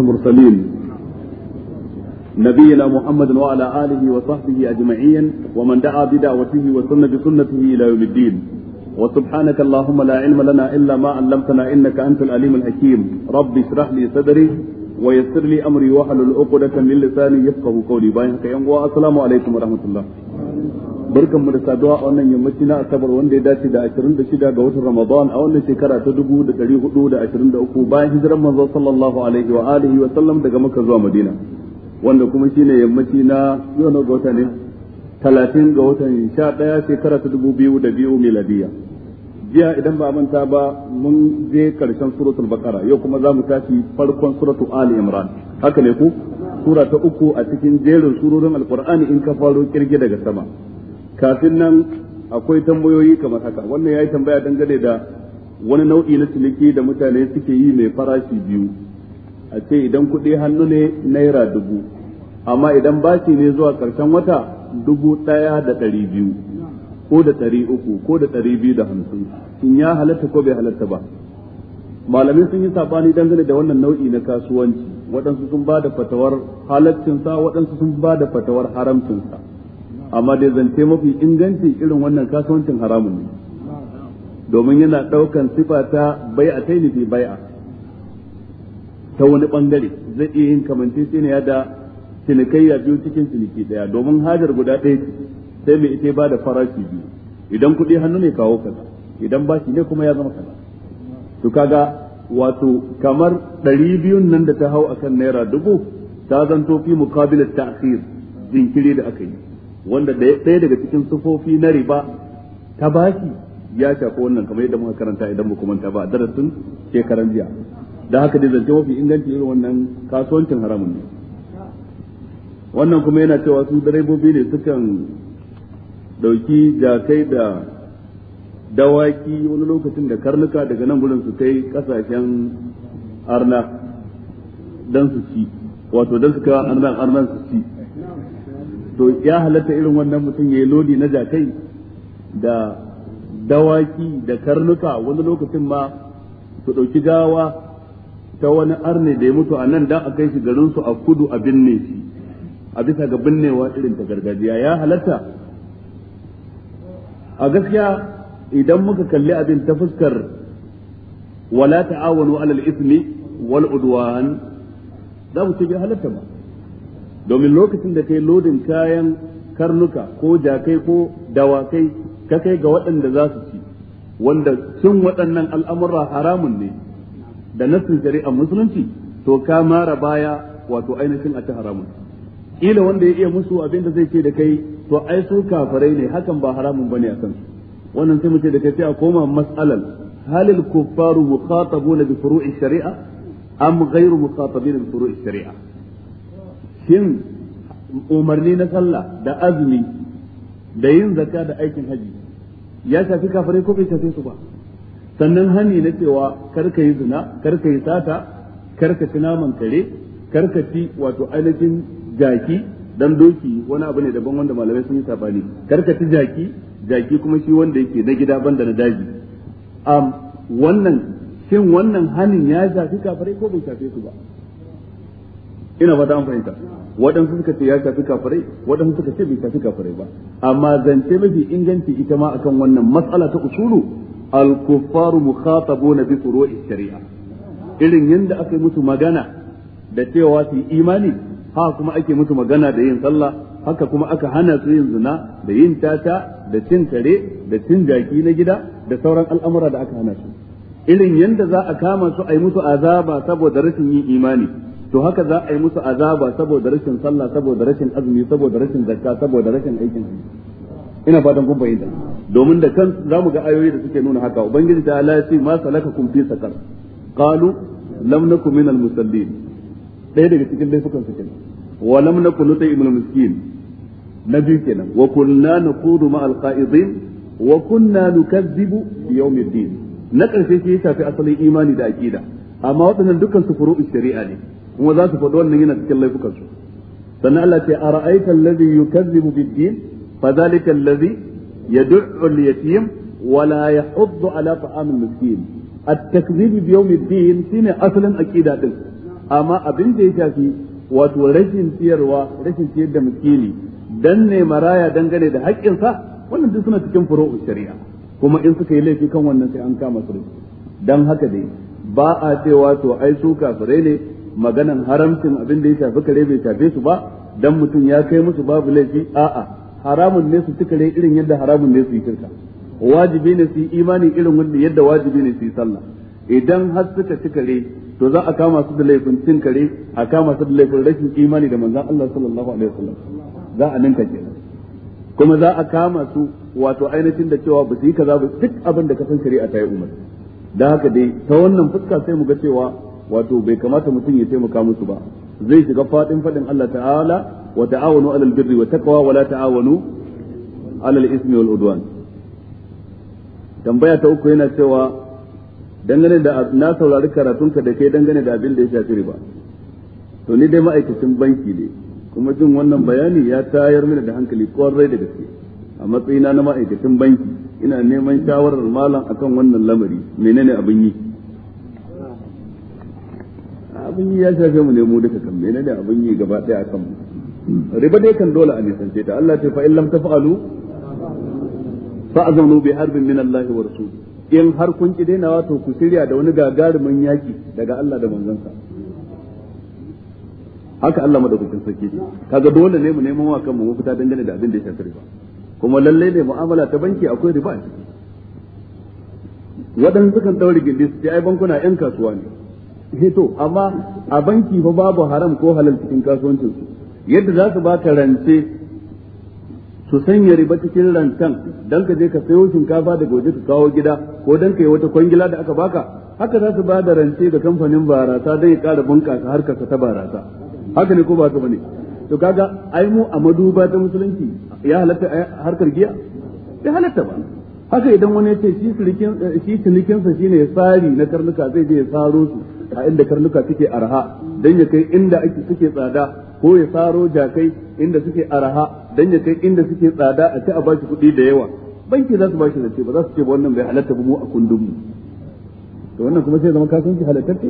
المرسلين نبينا محمد وعلى آله وصحبه أجمعين ومن دعا بدعوته وسن بسنته إلى يوم الدين وسبحانك اللهم لا علم لنا إلا ما علمتنا إنك أنت العليم الحكيم رب اشرح لي صدري ويسر لي أمري واحلل عقدة من لساني يفقه قولي باين السلام عليكم ورحمة الله barkan mu da saduwa a wannan yammaci na asabar wanda ya dace da 26 ga watan ramadan a wannan shekara ta 2423 bayan hijiran manzo sallallahu alaihi wa alihi wa sallam daga makka zuwa madina wanda kuma shine yammaci na yau na wata ne 30 ga watan 11 shekara ta 2002 miladiya jiya idan ba manta ba mun je karshen suratul baqara yau kuma za mu tashi farkon suratul ali imran haka ne ku sura ta uku a cikin jerin sururin alqur'ani in ka faro kirge daga sama kafin nan akwai tambayoyi kamar haka wannan ya yi tambaya dangane da wani nau'i na ciniki da mutane suke yi mai farashi biyu a ce idan kuɗi hannu ne naira dubu amma idan bashi ne zuwa ƙarshen wata dubu ɗaya da ɗari biyu ko da ɗari uku ko da ɗari biyu da hamsin in ya halatta ko bai halatta ba malamai sun yi sabani dangane da wannan nau'i na kasuwanci waɗansu sun ba da fatawar halaccinsa waɗansu sun ba da fatawar haramcinsa amma dai zance mafi inganci irin wannan kasuwancin haramun ne domin yana ɗaukan sifa ta bai a taini fi bai'a ta wani ɓangare zai iya yin kamanceceniya da cinikayya biyu cikin ciniki ɗaya domin hajar guda ɗaya ce sai mai ita ba da farashi biyu idan kuɗi hannu ne kawo kaza idan bashi ne kuma ya zama kaza to kaga wato kamar ɗari biyun nan da ta hau akan naira dubu ta zanto fi mukabilar ta'khir jinkiri da aka yi wanda ɗaya daga cikin sufofi na riba ta bashi ya shafi wannan kamar yadda muka karanta idan muka manta ba darasin shekaran jiya da haka dai zance mafi inganci irin wannan kasuwancin haramun ne wannan kuma yana cewa su direbobi ne sukan ɗauki, jakai da dawaki wani lokacin da karnuka daga nan gudun su kai kasashen arna don su ci wato don su kai arnan arnan su ci to ya halatta irin wannan mutum ya yi lodi na jakai da dawaki da karnuka wani lokacin ma su ɗauki gawa ta wani arne da ya mutu a nan don a kai shi garin su a kudu a binne shi a bisa ga binnewa irin ta gargajiya ya halatta a gaskiya idan muka kalli abin ta fuskar wala ta'awanu alal ismi wal udwan da mu ce halatta ba domin lokacin da kai lodin kayan karnuka ko jakai ko dawakai ka kai ga waɗanda za su ci wanda cin waɗannan al'amura haramun ne da nassin shari'a musulunci to ka mara baya wato ainihin a ta haramun ila wanda ya iya musu abin da zai ce da kai to ai su kafirai ne hakan ba haramun bane a kansu wannan sai mu ce da kai sai a koma mas'alan halil kuffaru mukhatabuna bi furu'i shari'a am ghayru mukhatabina bi furu'i shari'a shin umarni na sallah da azumi da yin zakka da aikin haji ya shafi kafirai ko bai shafe su ba sannan hani na cewa karka yi zina karka yi sata karka ci naman kare karka ci wato ainihin jaki dan doki wani abu ne daban wanda malamai sun yi sabani karka ci jaki jaki kuma shi wanda yake na gida banda na daji am wannan shin wannan hanin ya shafi kafirai ko bai shafe su ba ina fata an fahimta waɗansu suka ce ya shafi kafirai waɗansu suka ce bai shafi kafirai ba amma zance mafi inganci ita ma akan wannan matsala ta usulu al-kuffaru mukhatabuna bi furu'i shari'a irin yanda aka yi musu magana da cewa su imani ha kuma ake musu magana da yin sallah haka kuma aka hana su yin zina da yin tata da cin kare da cin jaki na gida da sauran al'amura da aka hana su irin yanda za a kama su a yi musu azaba saboda rashin yin imani to haka za a yi musu azaba saboda rashin sallah saboda rashin azumi saboda rashin zakka saboda rashin aikin ina fatan kun fahimta domin da kan zamu ga ayoyi da suke nuna haka ubangiji ta Allah ya ce ma salakakum fi sakar qalu lam nakum min al musallin Daya daga cikin dai sukan suke wa lam nakun nutai ibn miskin na biyu kenan wa kunna naqudu ma al qa'idin wa kunna nukazzibu bi yawmiddin na ƙarshe shi ya shafi asalin imani da aqida amma waɗannan dukkan su furu'u shari'a ne kuma za su faɗi wannan yana cikin laifukan su sannan Allah ce ara'aita allazi yukazzibu bid-din fa zalika allazi yad'u al-yatim wa la yahuddu ala ta'am al-miskin at-takdhib bi yawm ad-din shine asalin aqida din amma abin da ya shafi wato rashin ciyarwa rashin ciyar da miskini danne maraya dangane da haƙƙinsa wannan duk suna cikin furu'u shari'a kuma in suka yi laifi kan wannan sai an kama su dan haka dai ba a cewa to ai su kafirai ne maganan haramcin abin da ya shafi kare bai shafe su ba dan mutum ya kai musu babu laifi a'a haramun ne su tukare irin yadda haramun ne su yi shirka wajibi ne su yi imani irin wanda yadda wajibi ne su yi sallah idan har suka tukare to za a kama su da laifin cin kare a kama su da laifin rashin imani da manzon Allah sallallahu alaihi wasallam za a ninka kenan kuma za a kama su wato ainihin da cewa ba su yi kaza ba duk abin da ka san kare a tayi umar da haka dai ta wannan fuska sai mu ga cewa wato bai kamata mutum ya taimaka musu ba zai shiga fadin fadin Allah ta'ala wa ta'awanu alal birri wa taqwa wa la ta'awanu alal ismi wal udwan tambaya ta uku yana cewa dangane da na saurari karatun ka da kai dangane da abin da ya shafi riba to ni dai ma'aikacin banki ne kuma jin wannan bayani ya tayar mini da hankali kwarai da gaske a matsayina na ma'aikacin banki ina neman shawarar malam akan wannan lamari menene abin yi abin yi ya shafe mu ne mu duka kan mene ne abin yi gaba daya kan mu riba dai kan dole a nisance ta Allah ce fa in lam taf'alu fa'azanu bi harbin min Allah wa rasul in har kun ki daina wato ku shirya da wani gagarumin yaki daga Allah da sa, haka Allah madaukakin sarki kaga dole ne mu neman wa kanmu mu fita dangane da abin da ya shafi riba kuma lalle ne mu'amala ta banki akwai riba a ciki waɗansu sukan ɗaure gindi su ce ai bankuna 'yan kasuwa ne to amma a banki fa babu haram ko halal cikin kasuwancin su yadda za su baka rance su sanya riba cikin rancen dan ka je ka sayo shinkafa daga waje ka kawo gida ko dan ka yi wata kwangila da aka baka haka za su ba da rance ga kamfanin barasa dan ya kara bunƙasa ka ta barasa haka ne ko ba ka bane to kaga ai mu a maduba ta musulunci ya halatta harkar giya ya halatta ba haka idan wani ya ce eh, shi cinikinsa shine tsari na karnuka zai je ya saro su a inda karnuka suke araha dan ya kai inda ake suke tsada ko ya saro jakai inda suke araha dan ya kai inda suke tsada a ci a bashi kuɗi da yawa banki za su bashi zance ba za su ce ba wannan bai halatta ba mu a kundin mu to wannan kuma sai zama kasuwanci halattacce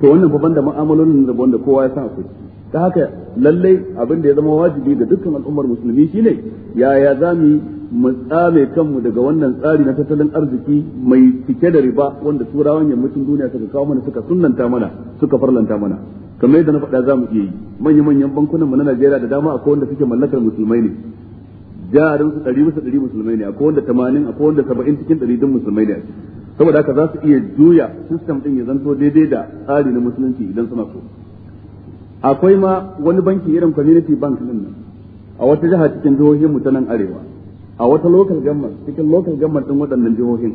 to wannan fa banda mu'amalolin da wanda kowa ya san akwai ta haka lallai abin da ya zama wajibi ga dukkan al'ummar musulmi shine yaya za mu mu tsame kanmu daga wannan tsari na tattalin arziki mai cike da riba wanda turawan yammacin duniya suka kawo mana suka sunnanta mana suka farlanta mana kamar yadda na faɗa za mu iya yi manya manyan bankunan mu na Najeriya da dama akwai wanda suke mallakar musulmai ne jarin su ɗari bisa ɗari musulmai ne akwai wanda tamanin akwai wanda saba'in cikin ɗari din musulmai ne saboda haka za su iya juya system ɗin ya zanto daidai da tsari na musulunci idan suna so akwai ma wani banki irin community bank din nan a wata jiha cikin jihohin mu ta nan arewa a wata local government cikin local government din waɗannan jihohin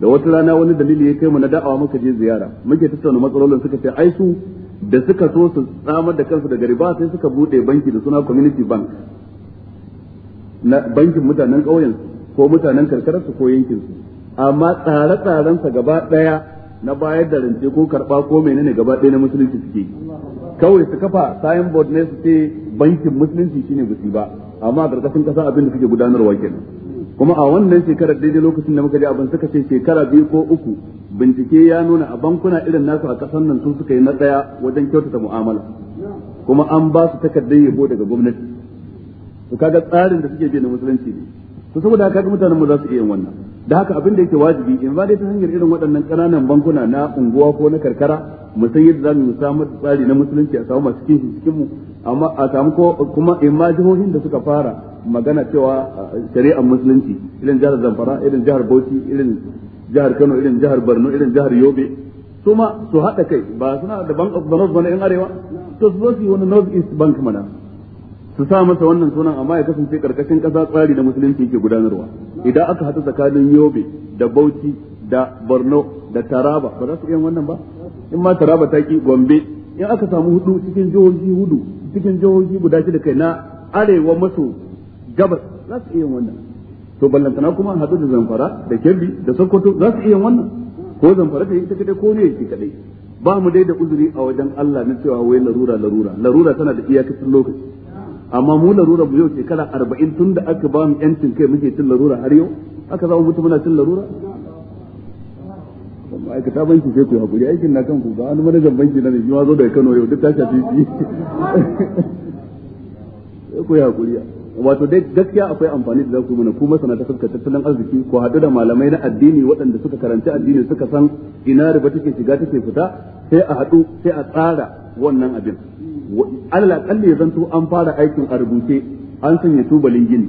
da wata rana wani dalili ya kai mu na da'awa muka je ziyara muke tattauna matsalolin suka ce ai su da suka so su tsamar da kansu daga riba sai suka bude banki da suna community bank na bankin mutanen ƙauyen ko mutanen karkararsu su ko yankin su amma tsare-tsaren sa gaba daya na bayar da rance ko karba ko menene gaba daya na musulunci suke kawai su kafa signboard ne su ce bankin musulunci shine gusi ba amma a karkashin ƙasa abin da suke gudanarwa kenan kuma a wannan shekarar daidai lokacin da muka ji abin suka ce shekara biyu ko uku bincike ya nuna a bankuna irin nasu a kasan nan sun suka yi na ɗaya wajen kyautata mu'amala kuma an ba su takardar yabo daga gwamnati to kaga tsarin da suke bi na musulunci ne to saboda haka mutanen mu za su iya yin wannan da haka abin da yake wajibi in ba dai ta hanyar irin waɗannan ƙananan bankuna na unguwa ko na karkara mu san yadda za mu samar da tsari na musulunci a samu masu kishin cikin mu amma a samu ko kuma imma jihohin da suka fara magana cewa uh, shari'ar musulunci irin jihar Zamfara irin jihar Bauchi irin jihar Kano irin jihar Borno irin jihar Yobe su ma su haɗa kai ba suna da bank of the north bane in arewa to su zo su wani north east bank mana su sa masa wannan sunan amma ya kasance karkashin ƙasa tsari da musulunci ke gudanarwa idan aka haɗu tsakanin Yobe da Bauchi da Borno da Taraba ba za su iya wannan ba in ma Taraba ta ki Gombe in aka samu hudu cikin jihohi hudu cikin jihohi guda shida kai na arewa maso gabas za su iya wannan to ballantana kuma hadu da zamfara da kebbi da sokoto za su iya wannan ko zamfara ta yi ta kadai ko ne yake kadai ba mu dai da uzuri a wajen Allah na cewa wai larura larura larura tana da iyakacin lokaci amma mu larura mu yau shekara arba'in tun da aka ba mu yancin kai muke cin larura har yau aka za mu mutu muna cin larura ma'aikata banki sai ku hakuri aikin na kanku ba wani manajan banki na ne yiwa zo daga Kano yau duk ta shafi shi sai ku hakuri wato dai gaskiya akwai amfani da za ku mana ku masana ta fuskar tattalin arziki ko haɗu da malamai na addini waɗanda suka karanci addini suka san ina riba take shiga take fita sai a haɗu sai a tsara wannan abin alal akalli ya zanto an fara aikin a rubuce an sanya tubalin gini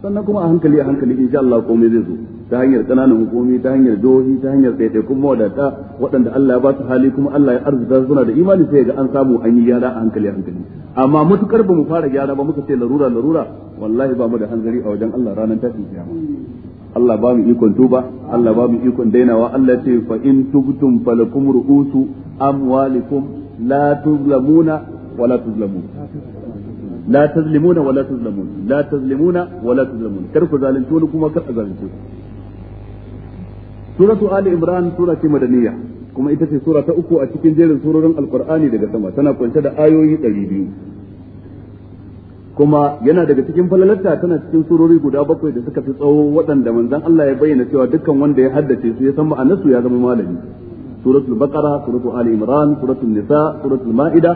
sannan kuma a hankali a hankali insha Allah komai zai zo ta hanyar kananan hukumi ta hanyar jihohi ta hanyar kuma mawadata waɗanda Allah ya ba su hali kuma Allah ya arzuta suna da imani sai ga an samu an yi gyara a hankali hankali amma matukar ba mu fara gyara ba muka ce larura larura wallahi ba mu da hanzari a wajen Allah ranar tashin kiyama Allah ba mu ikon tuba Allah ba mu ikon dainawa Allah ce fa in tubtum falakum ru'usu amwalikum la tuzlamuna ولا تظلمون لا تظلمون ولا تظلمون لا تظلمون ولا تظلمون كركو زالنتو كما كركو زالنتو suratu ali imran sura ce madaniya kuma ita ce sura ta uku a cikin jerin surorin alqur'ani daga sama tana kunshe da ayoyi 200 kuma yana daga cikin falalarta tana cikin surori guda bakwai da suka fi tsawo waɗanda manzon Allah ya bayyana cewa dukkan wanda ya haddace su ya san ma'anarsu ya zama malami suratul baqara suratul ali imran suratul nisa suratul ma'ida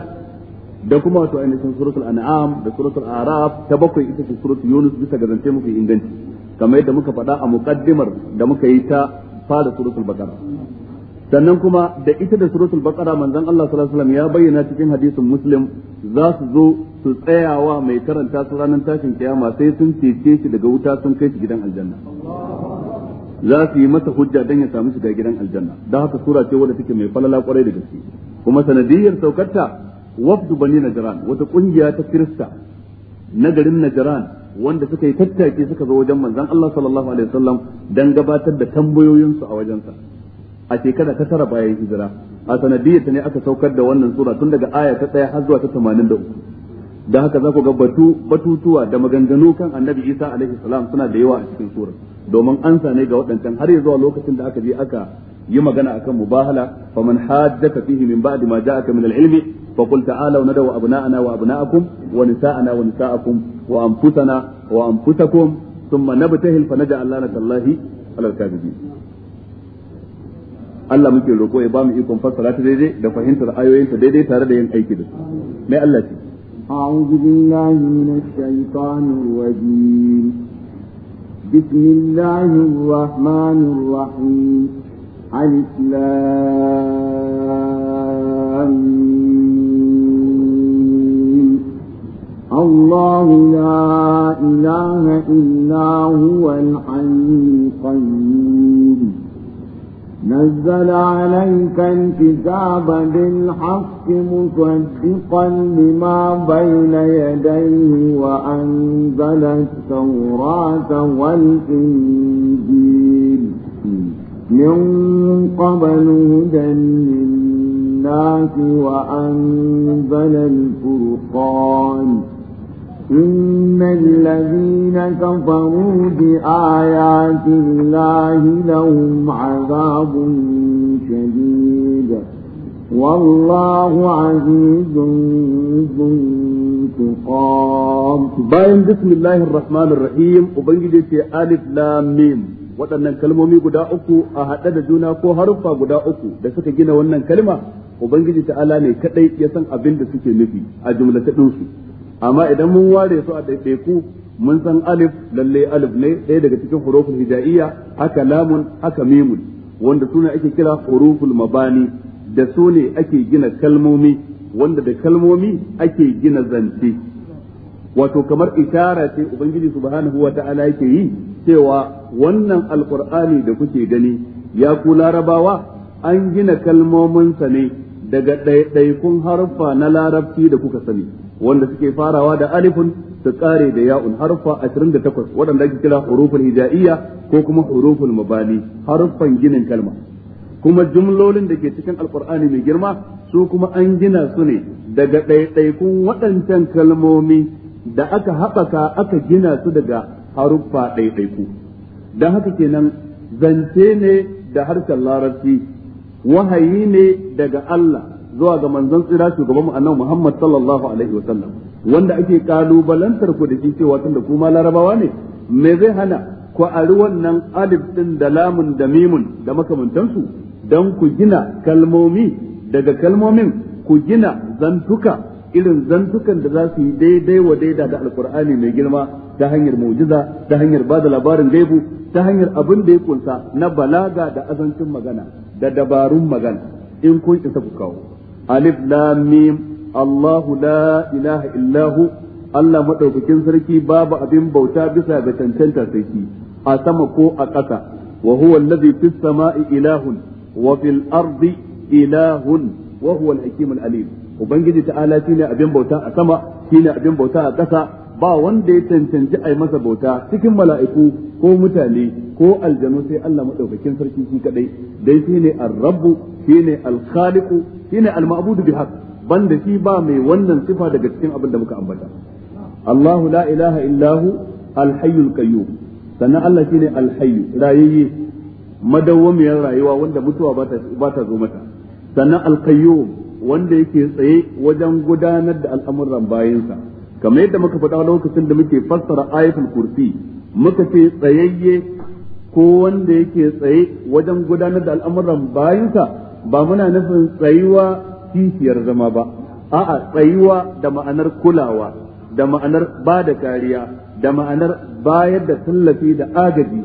da kuma wato ainihin suratul an'am da suratul araf ta bakwai ita ce suratul yunus bisa ga zance muka inganci kamar yadda muka faɗa a muqaddimar da muka yi ta fara suratul baqara sannan kuma da ita da suratul baqara manzon Allah sallallahu alaihi wasallam ya bayyana cikin hadisin muslim za su zo su tsayawa mai karanta su ranar tashin kiyama sai sun cece shi daga wuta sun kai shi gidan aljanna za su yi masa hujja dan ya samu shiga gidan aljanna da haka sura ce wadda take mai falala kwarai da gaske kuma sanadiyar saukarta wafdu bani najran wata kungiya ta kirista na garin najran wanda suka yi tattaki suka zo wajen manzon Allah sallallahu alaihi wasallam dan gabatar da tambayoyinsu a wajensa a shekara ta tara bayan hijira a sanadiyyata ne aka saukar da wannan sura tun daga aya ta ɗaya har zuwa ta tamanin da uku da haka za ku ga batu batutuwa da maganganu kan annabi isa alaihi salam suna da yawa a cikin surar domin an sane ga waɗancan har zuwa lokacin da aka je aka yi magana akan mubahala fa man haddaka fihi min ba'di ma ja'aka min al-ilmi fa qul ta'alu nadaw abna'ana wa abna'akum wa nisa'ana wa nisa'akum wa anfusana wa anfusakum thumma nabtahil fa naj'al lana tallahi alal kadhibin Allah muke roƙo ya ba mu ikon fassara ta daidai da fahimtar ta daidai tare da yin aiki da su mai Allah ce أعوذ بالله من الشيطان الرجيم بسم الله الرحمن الرحيم الم الله لا إله إلا هو الحي القيوم نزل عليك الكتاب بالحق مصدقا لما بين يديه وأنزل التوراة والإنجيل من قبل هدى للناس وأنزل الفرقان إن الذين كفروا بآيات الله لهم عذاب شديد والله عزيز ذو انتقام باين بسم الله الرحمن الرحيم وبنجد ألف لام ميم waɗannan kalmomi guda uku a haɗe da juna ko haruffa guda uku da suka gina wannan kalma ubangiji ta'ala ne kadai ya san abin da suke nufi a jumlata ɗinsu amma idan mun ware su a daidaiku mun san alif lalle alif ne ɗaya daga cikin huruful hijaiya haka lamun haka mimun wanda sune ake kira huruful mabani da su ne ake gina kalmomi wanda da kalmomi ake gina zance wato kamar isara ce ubangiji subhanahu wa ta'ala yake yi cewa wannan alqur'ani da kuke gani ya ku larabawa an gina kalmominsa ne daga ɗaiɗaikun harfa na larabci da kuka sani wanda suke farawa da alifun su kare da ya'un harfa 28 waɗanda ake kira huruful hija'iyya ko kuma huruful mabani harfan ginin kalma kuma jumlolin da ke cikin alqur'ani mai girma su kuma an gina su ne daga ɗaiɗaikun waɗancan kalmomi da aka haɓaka aka gina su daga haruffa ɗaiɗaiku don haka kenan zance ne da harshen larabci wahayi ne daga Allah zuwa ga manzon tsira shugaban mu annabi Muhammad sallallahu alaihi wasallam wanda ake kalubalantar ku da shi cewa da kuma larabawa ne me zai hana ku ari wannan alif din da lamun da mimun da makamantansu dan ku gina kalmomi daga kalmomin ku gina zantuka irin zantukan da za su yi daidai wa daida da alkur'ani mai girma ta hanyar mu'jiza ta hanyar bada labarin gaibu ta hanyar abin da ya kunsa na balaga da azancin magana da dabarun magana in kun isa ku kawo alif lam mim Allahu la ilaha illahu Allah madaukakin sarki babu abin bauta bisa ga cancanta sarki a sama ko a ƙasa wa huwa allazi fis sama'i ilahun wa fil ardi ilahun wa huwa al alim ubangiji ta'ala shine abin bauta a sama shine abin bauta a ƙasa ba wanda ya cancanci a yi masa bauta cikin mala'iku ko mutane ko aljanu sai Allah maɗaukakin sarki shi kaɗai dai shi ne al-rabbu shi ne al-khaliqu shine al-ma'budu bihaq banda shi ba mai wannan sifa daga cikin abin da muka ambata Allahu la ilaha illahu al-hayyul qayyum sannan Allah shine al-hayyu rayayye madawwamiyar rayuwa wanda mutuwa ba ta ba ta zo mata sannan al-qayyum wanda yake tsaye wajen gudanar da al'amuran bayansa kamar yadda muka faɗa lokacin da muke fassara ayatul kursi muka ce tsayayye ko wanda yake tsaye wajen gudanar da al'amuran bayansa ba muna nufin tsayuwa kishiyar zama ba a'a tsayuwa da ma'anar kulawa da ma'anar ba da kariya da ma'anar bayar da tallafi da agaji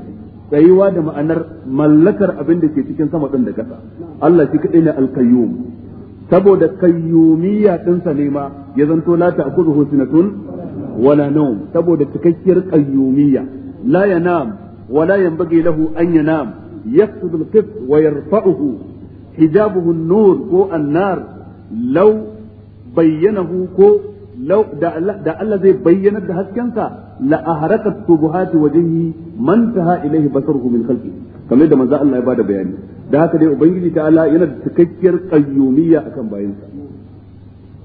tsayuwa da ma'anar mallakar abin da ke cikin sama din da kasa Allah shi kadai ne al-qayyum saboda din ɗinsa ne ma ya zanto la ta'khudhu sinatun wala nawm saboda cikakkiyar kayyumiya la yanam wala yanbaghi lahu an yanam yaqsidu al wa yarfa'uhu Hijab nur ko annar law bayyanahu ko da Allah zai bayyanar da haskensa la aharaqat subuhati wajhi man taha ilayhi basaruhu min khalqi kamar da manzo Allah ya bada bayani da haka dai ubangiji ta'ala yana da cikakkiyar qayyumiyya akan bayansa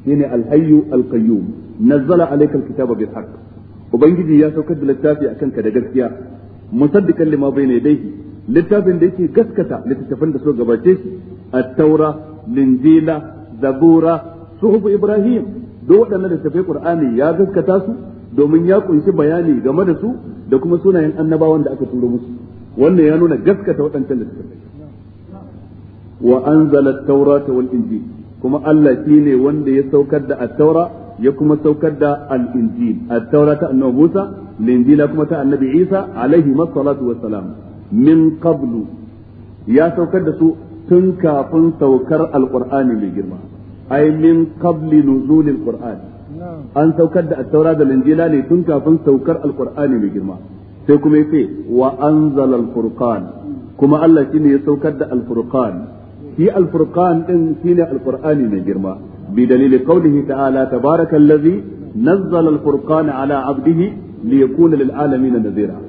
shine al-hayyu al-qayyum nazzala kitaba bil ubangiji ya saukar da littafi akan da gaskiya musaddiqan lima bayna yadayhi littafin da yake gaskata littafin da so gabace shi Attaura, taura linjila zabura suhuf ibrahim duk waɗannan littafai ƙur'ani ya gaskata su domin ya ƙunshi bayani game da su da kuma sunayen annabawan da aka turo musu wannan ya nuna gaskata waɗancan littafai wa anzala at-taurata wal injil kuma Allah ne wanda ya saukar da attaura. ya kuma saukar da al-injil at-taura ta annabi Musa linjila kuma ta annabi Isa alaihi masallatu wassalam min qablu ya saukar da su tun kafin saukar al-qur'ani mai girma ai min qabli nuzulil qur'an an saukar da at-taura da linjila ne tun kafin saukar al-qur'ani mai girma sai kuma yace wa anzala al-furqan kuma Allah shine ya saukar da al-furqan shi al-furqan din shine al-qur'ani mai girma بدليل قوله تعالى تبارك الذي نزل الفرقان على عبده ليكون للعالمين نذيرا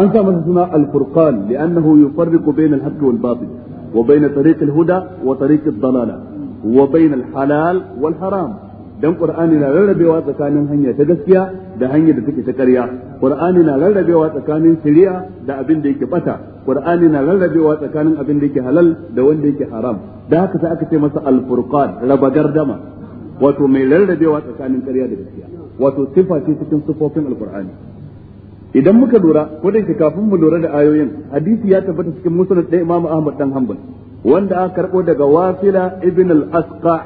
أنت مثلنا الفرقان لأنه يفرق بين الحق والباطل وبين طريق الهدى وطريق الضلالة وبين الحلال والحرام dan qur'ani na rarrabewa tsakanin hanya ta gaskiya da hanya da take ta ƙarya qur'ani na rarrabewa tsakanin shari'a da abin da yake bata qur'ani na rarrabewa tsakanin abin da yake halal da wanda yake haram da haka sai aka ce masa al-furqan raba gardama wato mai rarrabewa tsakanin ƙarya da gaskiya wato sifa ce cikin sifofin al-qur'ani idan muka lura ko da kafin mu lura da ayoyin hadisi ya tabbata cikin musnad da Imam Ahmad dan Hanbal wanda aka karbo daga Wasila ibn al-Asqa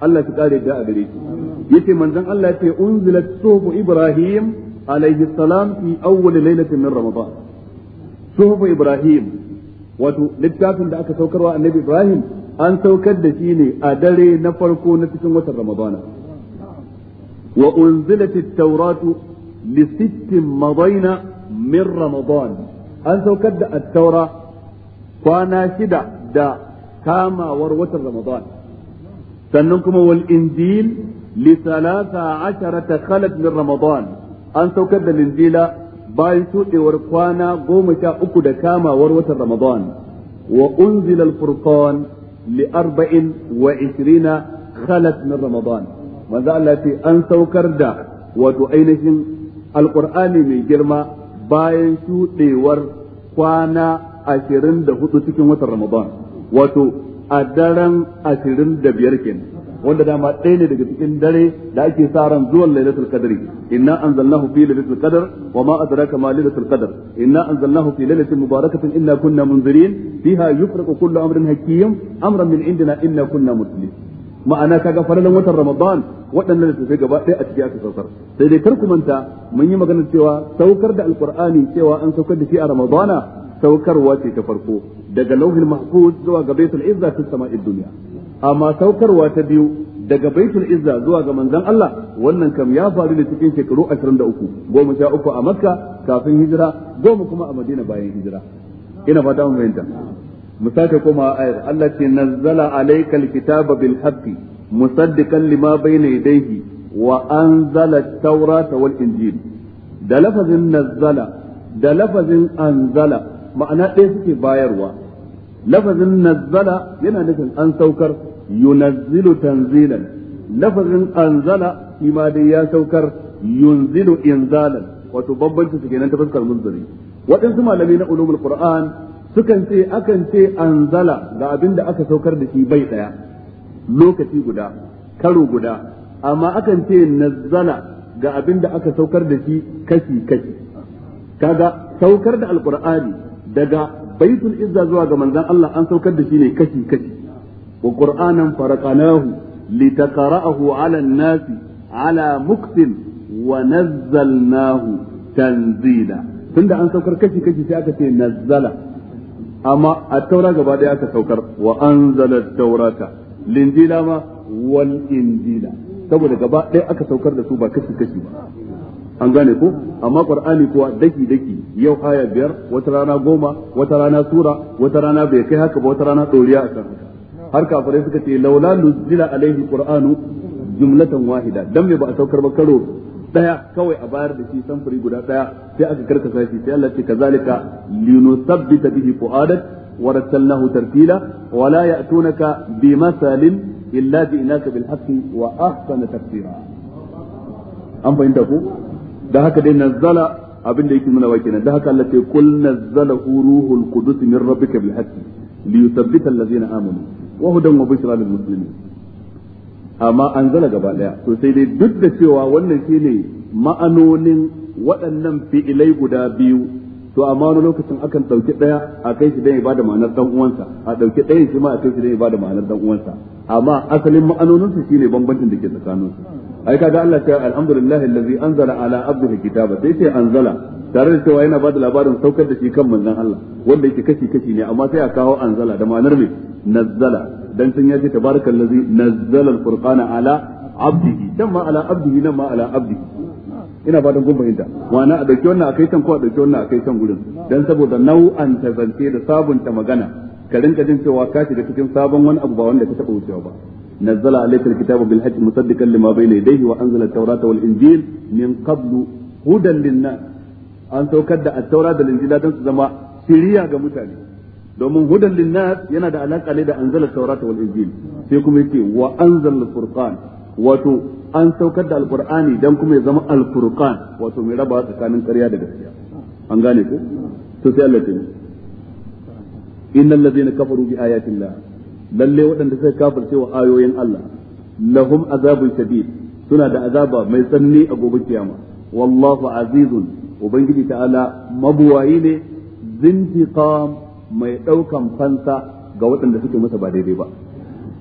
Allah ki kare da a gare shi yace manzon Allah ce unzilat suhuf ibrahim alayhi salam fi awwal lailatin min ramadan suhuf ibrahim wato littafin da aka saukarwa annabi ibrahim an saukar da shi ne a dare na farko na cikin watan ramadan wa unzilat at-tauratu li sittin madaina min ramadan an saukar da at-taura kwana shida da kamawar watan ramadan sannan kuma wal injil li salasa ta khalad min ramadan an saukar da linjila bayan shuɗewar kwana goma sha uku da kamawar watan ramadan wa unzila al furqan li arba'in wa ishirina khalad min ramadan manzo Allah an saukar da wato ainihin alqur'ani mai girma bayan shuɗewar kwana ashirin da hudu cikin watan ramadan wato a daren ashirin da biyar kenan wanda dama ɗaya ne daga cikin dare da ake sa ran zuwan lailatul qadri inna anzalnahu fi lailatul qadr wa ma adraka ma lailatul qadr inna anzalnahu fi lailatin mubarakatin inna kunna munzirin fiha yufraqu kullu amrin hakim amran min indina inna kunna muslimin ma'ana kaga farallan watan ramadan waɗannan su sai gaba ɗaya a ciki aka saukar sai dai kar ku manta mun yi magana cewa saukar da alqur'ani cewa an saukar da shi a ramadana saukarwa ce ta farko daga lauhin mahfuz zuwa ga baitul izza fi sama'id dunya amma saukarwa ta biyu daga baitul izza zuwa ga manzon Allah wannan kam ya faru ne cikin shekaru 23 goma sha uku a makka kafin hijira goma kuma a madina bayan hijira ina fata mun fahimta mu sake koma ayar Allah ce nazzala alaykal kitaba bil haqqi musaddiqan lima bayna yadayhi wa anzala at-taurata wal injil da lafazin nazzala da lafazin anzala ma'ana ɗaya suke bayarwa lafazin nazzala yana nufin an saukar yunazzilu tanzilan lafazin anzala shi ma dai ya saukar yunzilu inzalan wato bambanci su kenan ta fuskar munzuri waɗansu malami na ulumul qur'an sukan ce akan ce anzala ga abin da aka saukar da shi bai daya lokaci guda karo guda amma akan ce nazzala ga abin da aka saukar da shi kashi kashi kaga saukar da alqur'ani daga baitul izza zuwa ga manzon Allah an saukar da shi ne kashi kashi wa qur'anan faraqanahu litaqra'ahu 'ala an-nasi 'ala muktin wa nazzalnahu tanzila tunda an saukar kashi kashi sai aka ce nazzala amma a taura gaba daya aka saukar wa anzala taurata linjila ma wal injila saboda gaba daya aka saukar da su ba kashi kashi ba an gane ko amma qur'ani kuwa daki daki yau aya biyar wata rana goma wata rana sura wata rana bai kai haka ba wata rana doriya a kan har kafirai suka ce laula nuzila alaihi qur'anu jumlatan wahida dan me ba a saukar ba karo daya kawai a bayar da shi samfuri guda daya sai aka karkasa shi sai Allah ce kazalika linusabbita bihi fuadak wa rattalnahu tartila wa la ya'tunaka bimasalin illa ji'naka bil haqqi wa ahsana tafsira an fahimta ko da haka dai nazzala abin da yake nuna wa kenan da haka Allah sai kul nazzalahu ruhul qudus min rabbika bil haqqi li yuthabbita allazina amanu wa hudan wa bushra lil muslimin amma anzala gaba daya to sai dai duk da cewa wannan shine ma'anonin waɗannan fi'ilai guda biyu to amma wani lokacin akan ɗauki ɗaya a kai shi don ya bada ma'anar dan uwansa a ɗauki ɗayan shi ma a kai shi don ya bada ma'anar dan uwansa amma asalin ma'anoninsu shine bambancin da ke tsakaninsu ai kaga Allah ta alhamdulillah allazi anzala ala abdihi kitaba sai sai anzala tare da cewa yana bada labarin saukar da shi kan manzon Allah wanda yake kashi kashi ne amma sai a kawo anzala da ma'anar me nazzala dan sun yace tabarakallazi nazzala alfurqana ala abdihi dan ma ala abdihi nan ma ala abdihi ina fatan kun fahimta wana a dauki wannan akai can ko a dauki wannan akai can gurin dan saboda nau'an ta zance da sabunta magana ka rinka jin cewa ka shiga cikin sabon wani abu ba wanda ka taba wucewa ba نزل عليك الكتاب بالحج مصدقا لما بين يديه وانزل التوراة والانجيل من قبل هدى للناس an saukar da attaura da linjila don su zama siriya ga mutane domin hudan linnas yana da alaƙa ne da anzala taurata wal injil sai kuma yake wa anzala wato an saukar da alqur'ani dan kuma ya zama alfurqan wato mai rabawa tsakanin ƙarya da gaskiya an gane ko lalle waɗanda suka kafirce wa ayoyin Allah lahum azabun shadid suna da azaba mai tsanani a gobe kiyama wallahu azizun ubangiji ta'ala mabuwayi ne zintiqam mai daukan fansa ga waɗanda suke masa ba daidai ba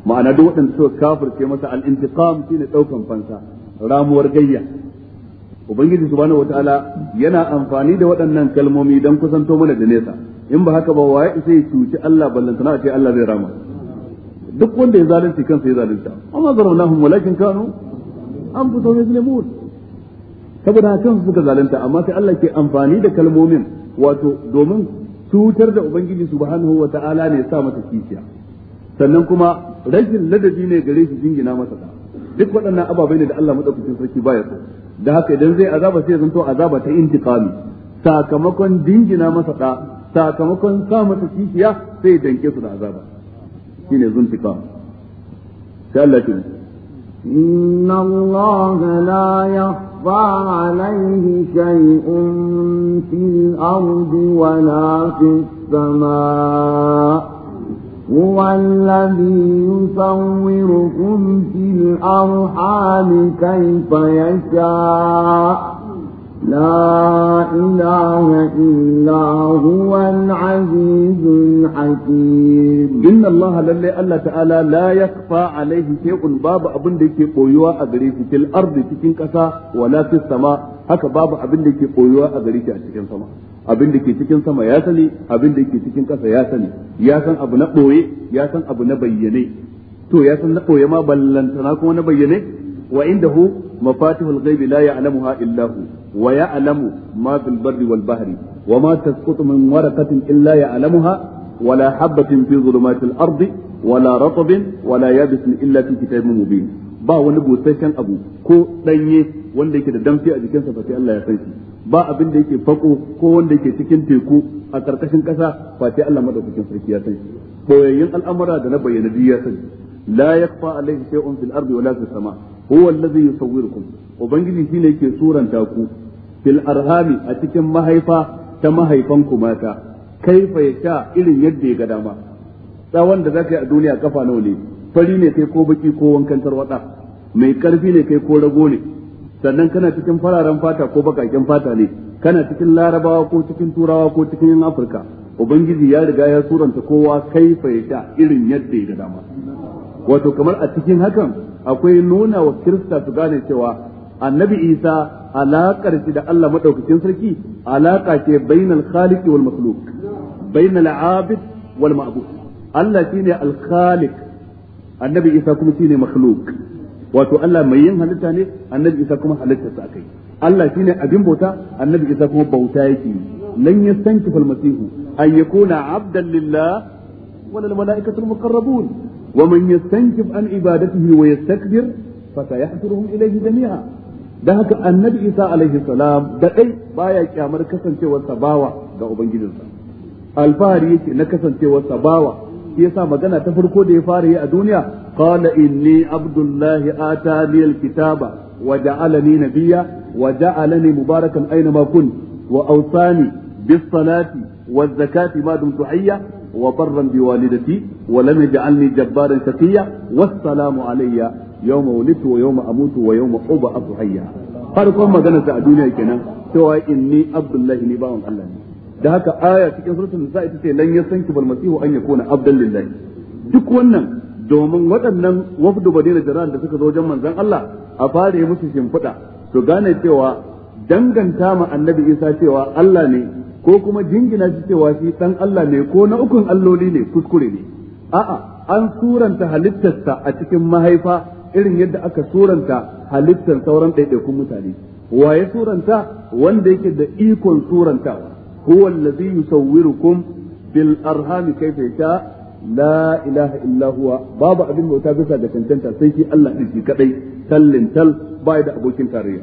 ma'ana duk waɗanda suka kafirce masa al-intiqam shine daukan fansa ramuwar gayya ubangiji subhanahu wataala yana amfani da waɗannan kalmomi don kusanto mana da nesa in ba haka ba waye sai cuci Allah ballantana a ce Allah zai rama duk wanda ya zalunci kansa ya zalunta amma zaramnahum walakin kanu anfusahum yuzlimun saboda kansu suka zalunta amma sai Allah ke amfani da kalmomin wato domin cutar da ubangiji subhanahu wa ta'ala ne sa mata kishiya sannan kuma rashin ladabi ne gare shi jingina masa da duk waɗannan ababai ne da Allah madaukakin sarki baya so da haka idan zai azaba sai zanto azaba ta intiqami sakamakon dingina masa da sakamakon sa masa kishiya sai danke su da azaba shine zuntika sai Allah ya إن الله لا يخفى عليه شيء في الأرض ولا في السماء هو الذي يصوركم في الأرحام كيف يشاء لا إله إلا هو العزيز الحكيم إن الله للي الله تعالى لا يخفى عليه شيء باب أبن ديكي قويوة أغريك في الأرض تكين كسا ولا في السماء هكا باب أبن ديكي قويوة أغريك أتكين سماء abin da ke cikin sama ya sani abin da ke cikin ƙasa ya sani ya san abu na ɓoye ya san abu na bayyane to ya san na ɓoye ma ballantana kuma na bayyane wa indahu mafatihul ghaibi la ya'lamuha illa hu wa ya'lamu ma fil barri wal bahri wa ma tasqutu min waraqatin illa ya'lamuha ولا حبة في ظلمات الأرض ولا رطب ولا يابس إلا في كتاب مبين ba wani busasshen abu ko ɗanye wanda yake da damfi a jikinsa fa Allah ya san ba abin da yake fako ko wanda yake cikin teku a karkashin ƙasa Fati sai Allah madaukakin sarki ya san shi boyayyin al'amura da na bayyana ya san la yakfa alaihi shay'un fil ardi wala fis huwa allazi yusawwirukum ubangiji shine yake suranta ku fil arhami a cikin mahaifa ta mahaifanku mata ya yasha irin yadda ya ga dama tsawon da zaka yi a duniya kafa nawa ne fari ne kai ko baki ko wankan tarwada mai karfi ne kai ko rago ne sannan kana cikin fararen fata ko bakaken fata ne kana cikin larabawa ko cikin turawa ko cikin yan afirka ubangiji ya riga ya suranta kowa kai fa ya sha irin yadda ya ga dama wato kamar a cikin hakan akwai nuna wa kirista su gane cewa annabi isa alaƙar shi da Allah madaukakin sarki alaƙa ce bainal khaliq wal makhluq bainal abid wal ma'bud Allah shine al khaliq annabi isa kuma shine makhluq wato Allah mai yin halitta ne annabi isa kuma halittarsa kai. Allah shine abin bauta annabi isa kuma bauta yake lan yastankifa al masihu an yakuna abdan lillah wal malaikatu al muqarrabun wa man yastankif an ibadatihi wa yastakbir fa da haka annabi Isa alaihi salam da dai baya kyamar kasancewar sabawa ga ubangijinsa alfahari yake na kasancewar sabawa shi yasa magana ta farko da ya fara yi a duniya qala inni abdullahi atani alkitaba wa ja'alani nabiyya wa ja'alani mubarakan aina ma kun wa awsani bis salati wa zakati ma dumtu hayya وبرا بوالدتي ولم يجعلني جبارا شقيا والسلام علي يوم ولدت ويوم اموت ويوم ابعث حيا farkon magana ta a duniya kenan cewa inni abdullahi ni bawan Allah ne da haka aya cikin suratul nisa ita ce lan yasanki bal masihu an yakuna abdan lillahi duk wannan domin waɗannan wafdu badina jiran da suka zo wajen manzon Allah a fare musu shimfiɗa su gane cewa danganta ma annabi Isa cewa Allah ne ko kuma jingina shi cewa shi dan Allah ne ko na ukun alloli ne kuskure ne a'a an suranta halittarsa a cikin mahaifa irin yadda aka suranta halittar sauran ɗaiɗaikun mutane wa ya suranta wanda yake da ikon surantawa huwa allazi yusawwirukum bil arhami kayfa yasha la ilaha illa huwa babu abin bauta bisa da tantanta sai shi Allah din shi kadai tallin tal bai da abokin tarayya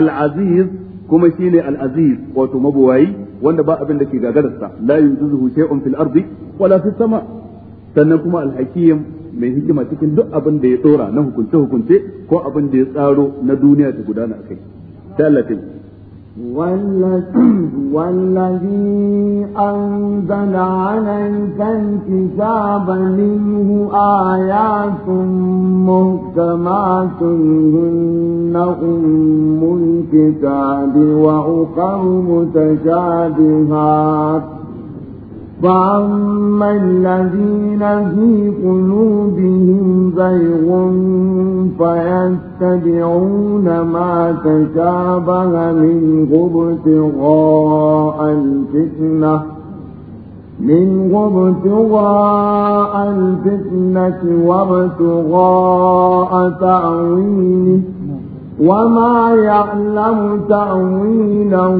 al aziz kuma shine al aziz wato mabuwayi wanda ba abin da ke gagararsa la yuzuhu shay'un fil ardi wala fis sama sannan kuma al-hakim mai hikima cikin duk abin da ya dora na hukunce hukunce ko abin da ya tsaro na duniya ta gudana akai sai Allah والذي أنزل عليك الكتاب منه آيات محكمات هن أم الكتاب وأخر متشابهات فأما الذين في قلوبهم زيغ فيتبعون ما تشابه منه ابتغاء الفتنة منه ابتغاء الفتنة وابتغاء تأويله وما يعلم تأويله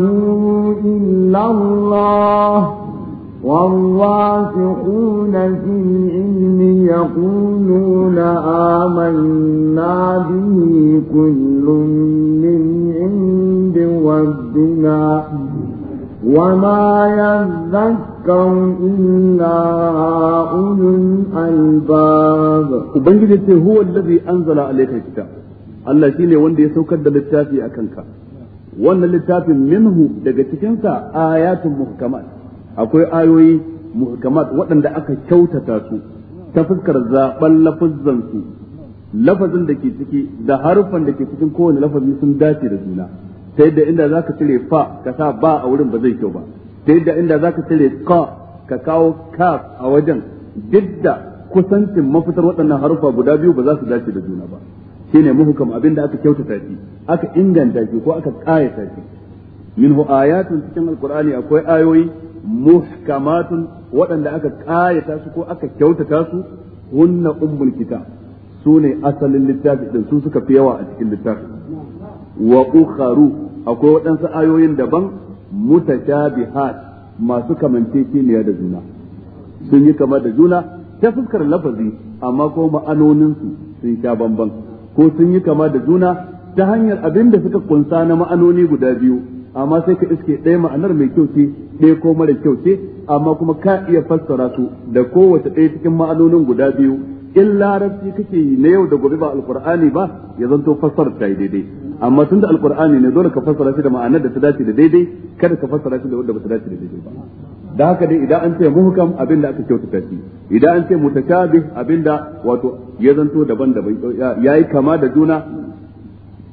إلا الله والراسخون في العلم يقولون آمنا به كل من عند ربنا وما يذكر إلا أولو الألباب وبنجد هو الذي أنزل عليك الكتاب الله shine wanda ya saukar da littafi a kanka wannan littafin minhu akwai ayoyi muhkamat waɗanda aka kyautata su ta fuskar zaɓen lafazzan su lafazin da ke ciki da harufan da ke cikin kowane lafazi sun dace da juna ta yadda inda za ka cire fa ka sa ba a wurin ba zai kyau ba ta yadda inda za ka cire ka ka kawo ka a wajen duk da kusancin mafitar waɗannan harufa guda biyu ba za su dace da juna ba shine ne abin da aka kyautata shi aka inganta shi ko aka ƙayata shi minhu ayatun cikin alqur'ani akwai ayoyi muhkamatun waɗanda aka ƙayata su ko aka kyautata su hunna ummul kitab su ne asalin littafi din su suka fi yawa a cikin littafi wa ukharu akwai waɗansu ayoyin daban mutashabihat masu kamanceceniya da juna sun yi kama da juna ta fuskar lafazi amma ko ma'anoninsu sun sha bamban ko sun yi kama da juna ta hanyar abin da suka kunsa na ma'anoni guda biyu amma sai ka iske ɗaya ma'anar mai kyau ce ɗaya ko mara kyau ce amma kuma ka iya fassara su da kowace ɗaya cikin ma'anonin guda biyu in larabci kake yi na yau da gobe ba alqur'ani ba ya zanto fassara ta yi daidai amma tunda alqur'ani ne dole ka fassara shi da ma'anar da ta dace da daidai kada ka fassara shi da wanda ba ta dace da daidai ba da haka dai idan an ce muhkam abin da aka kyautata shi idan an ce mutashabih abin da wato ya zanto daban-daban yayi kama da juna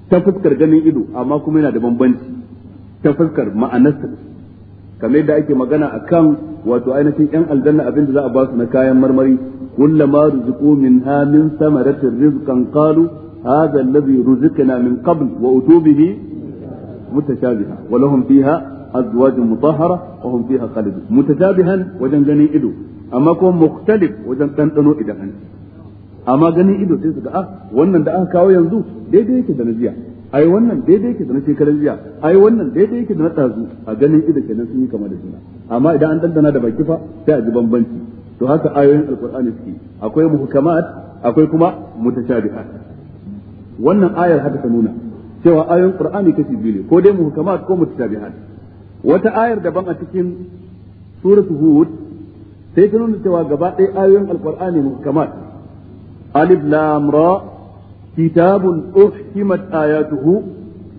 ta fuskar ganin ido amma kuma yana da bambanci ta fuskar ma'anarsa kamar yadda ake magana a kan wato ainihin yan aljanna abinda za a ba su na kayan marmari kullama ruziqu minha min samaratin rizqan qalu hadha alladhi ruziqna min qabl wa utubihi mutashabiha wa lahum fiha azwajun mutahhara wa hum fiha khalidun mutashabihan wajen ganin ido amma ko mukhtalif wajen dandano idan an amma ganin ido sai su ga ah wannan da aka kawo yanzu daidai yake da na jiya ai wannan daidai yake da na shekaran jiya ai wannan daidai yake da na tsazu a ganin ido kenan sun yi kama da juna amma idan an dandana da baki fa sai a ji bambanci to haka ayoyin alqur'ani suke akwai muhkamat akwai kuma mutashabihat wannan ayar haka ta nuna cewa ayoyin qur'ani kashi biyu ne ko dai muhkamat ko mutashabihat wata ayar daban a cikin suratu hud sai ta nuna cewa gaba ɗaya ayoyin alqur'ani muhkamat alif lam ra كتاب أحكمت آياته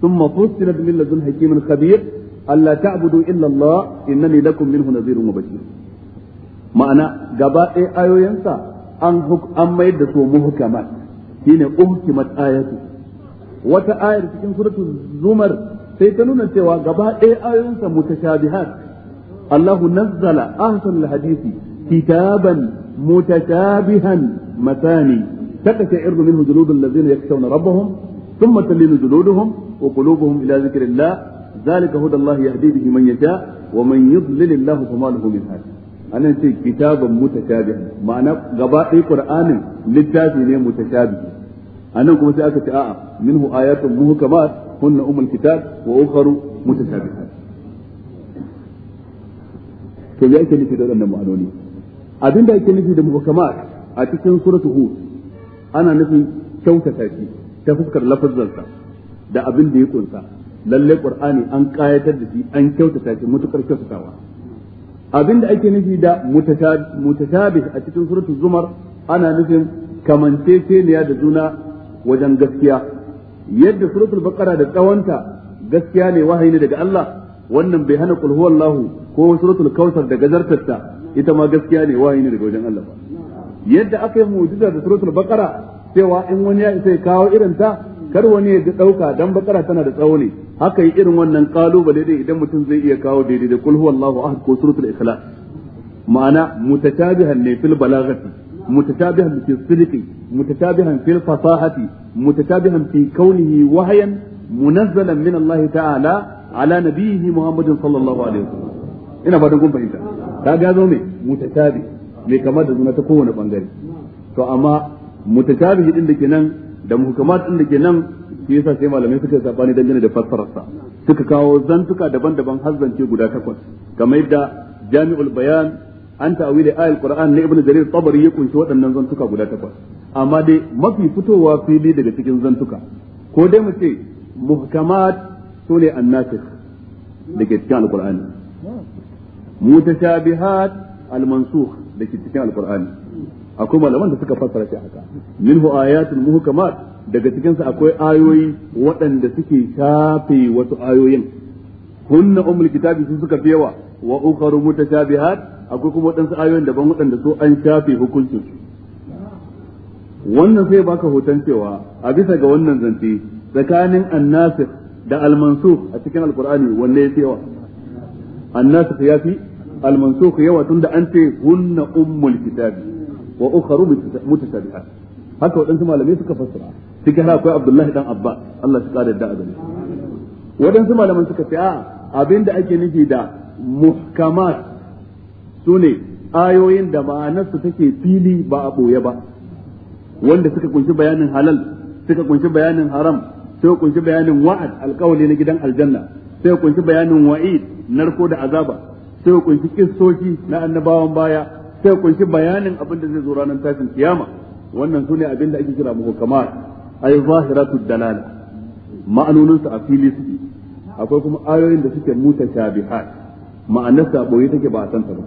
ثم فصلت من لدن حكيم خبير ألا تعبدوا إلا الله إنني لكم منه نذير مبشر معنى قباء da ينسى أن أما يدسوا مهكمات هنا أحكمت آياته wata ayar cikin suratul zumar sai ta nuna cewa gaba ɗaya ayoyinsa mutashabihat allahu nazzala ahsanul hadisi kitaban mutashabihan matani تقشعر منه جلود الذين يخشون ربهم ثم تلين جلودهم وقلوبهم إلى ذكر الله ذلك هدى الله يهدي به من يشاء ومن يضلل الله فما له من هاد أنا ce kitabun mutashabih ma'ana gaba ɗaya Qur'anin littafi ne mutashabih anan kuma sai aka ce a'a minhu ayatun muhkamat hunna umul kitab wa ukharu mutashabihat to me ake nufi da wannan ma'anoni abinda ake nufi da muhkamat a cikin suratul hud ana nufin kyautata shi ta fuskar lafazzarsa da abin da ya kunsa lalle qur'ani an kayatar da shi an kyautata shi mutukar kyautatawa abin da ake nufi da mutatabih a cikin suratul zumar ana nufin kamanceceniya da juna wajen gaskiya yadda suratul baqara da tsawonta gaskiya ne wahayi ne daga Allah wannan bai hana kulhuwallahu ko suratul kausar da gazartarta ita ma gaskiya ne wahayi ne daga wajen Allah ba yadda aka yi mu'jiza da suratul baqara cewa in wani ya isa ya kawo irin ta kar wani ya dauka dan baqara tana da tsawo ne haka yi irin wannan kalubale dai idan mutum zai iya kawo daidai da kul huwallahu ahad ko suratul ikhlas ma'ana mutatabihan ne fil balaghati mutatabihan fi sidqi mutatabihan fil fasahati mutatabihan fi kaunihi wahyan munazzalan min Allah ta'ala ala nabiyhi Muhammadin sallallahu alaihi wasallam ina ba kun fahimta kaga zo me mutatabi mai kama da juna ta kowane bangare to amma mutashabihi din dake nan da muhkamat din dake nan shi yasa sai malamai suka sabani dangane da fassararsa suka kawo zantuka daban-daban har zance guda takwas kamar yadda jami'ul bayan an ta'awili ayal qur'an na ibnu jarir tabari ya kunshi waɗannan zantuka guda takwas amma dai mafi fitowa fili daga cikin zantuka ko dai mu ce muhkamat sune annasikh dake cikin alqur'ani mutashabihat almansukh da ke cikin alkur'ani akwai malaman da suka fassara shi haka minhu ayatul muhkamat daga cikin sa akwai ayoyi waɗanda suke shafe wasu ayoyin kunna umul kitabi su suka fi yawa wa ukharu mutashabihat akwai kuma waɗansu ayoyin ban waɗanda su an shafe hukuncin su wannan sai baka hoton cewa a bisa ga wannan zance tsakanin annasir da almansur a cikin alkur'ani wanne ya fi yawa ya fi al-mansukh yawa tunda an ce hunna ummul kitabi wa ukharu mutashabihat haka waɗansu malamai suka fassara cikin har akwai Abdullahi dan Abba Allah shi kare da azumi waɗansu malaman suka ce a abinda ake nufi da muhkamat sune ayoyin da ma'anarsu take fili ba a boye ba wanda suka kunshi bayanin halal suka kunshi bayanin haram sai kunshi bayanin wa'ad alƙawali na gidan aljanna sai kunshi bayanin wa'id narko da azaba sai ku kunshi kissoshi na annabawan baya sai ku kunshi bayanin abin da zai zo ranar tashin kiyama wannan sune abin da ake kira muhkamat ay zahiratud dalala ma'anonin su a fili suke akwai kuma ayoyin da suke mutashabihat ma'anar sa boye take ba a santa ba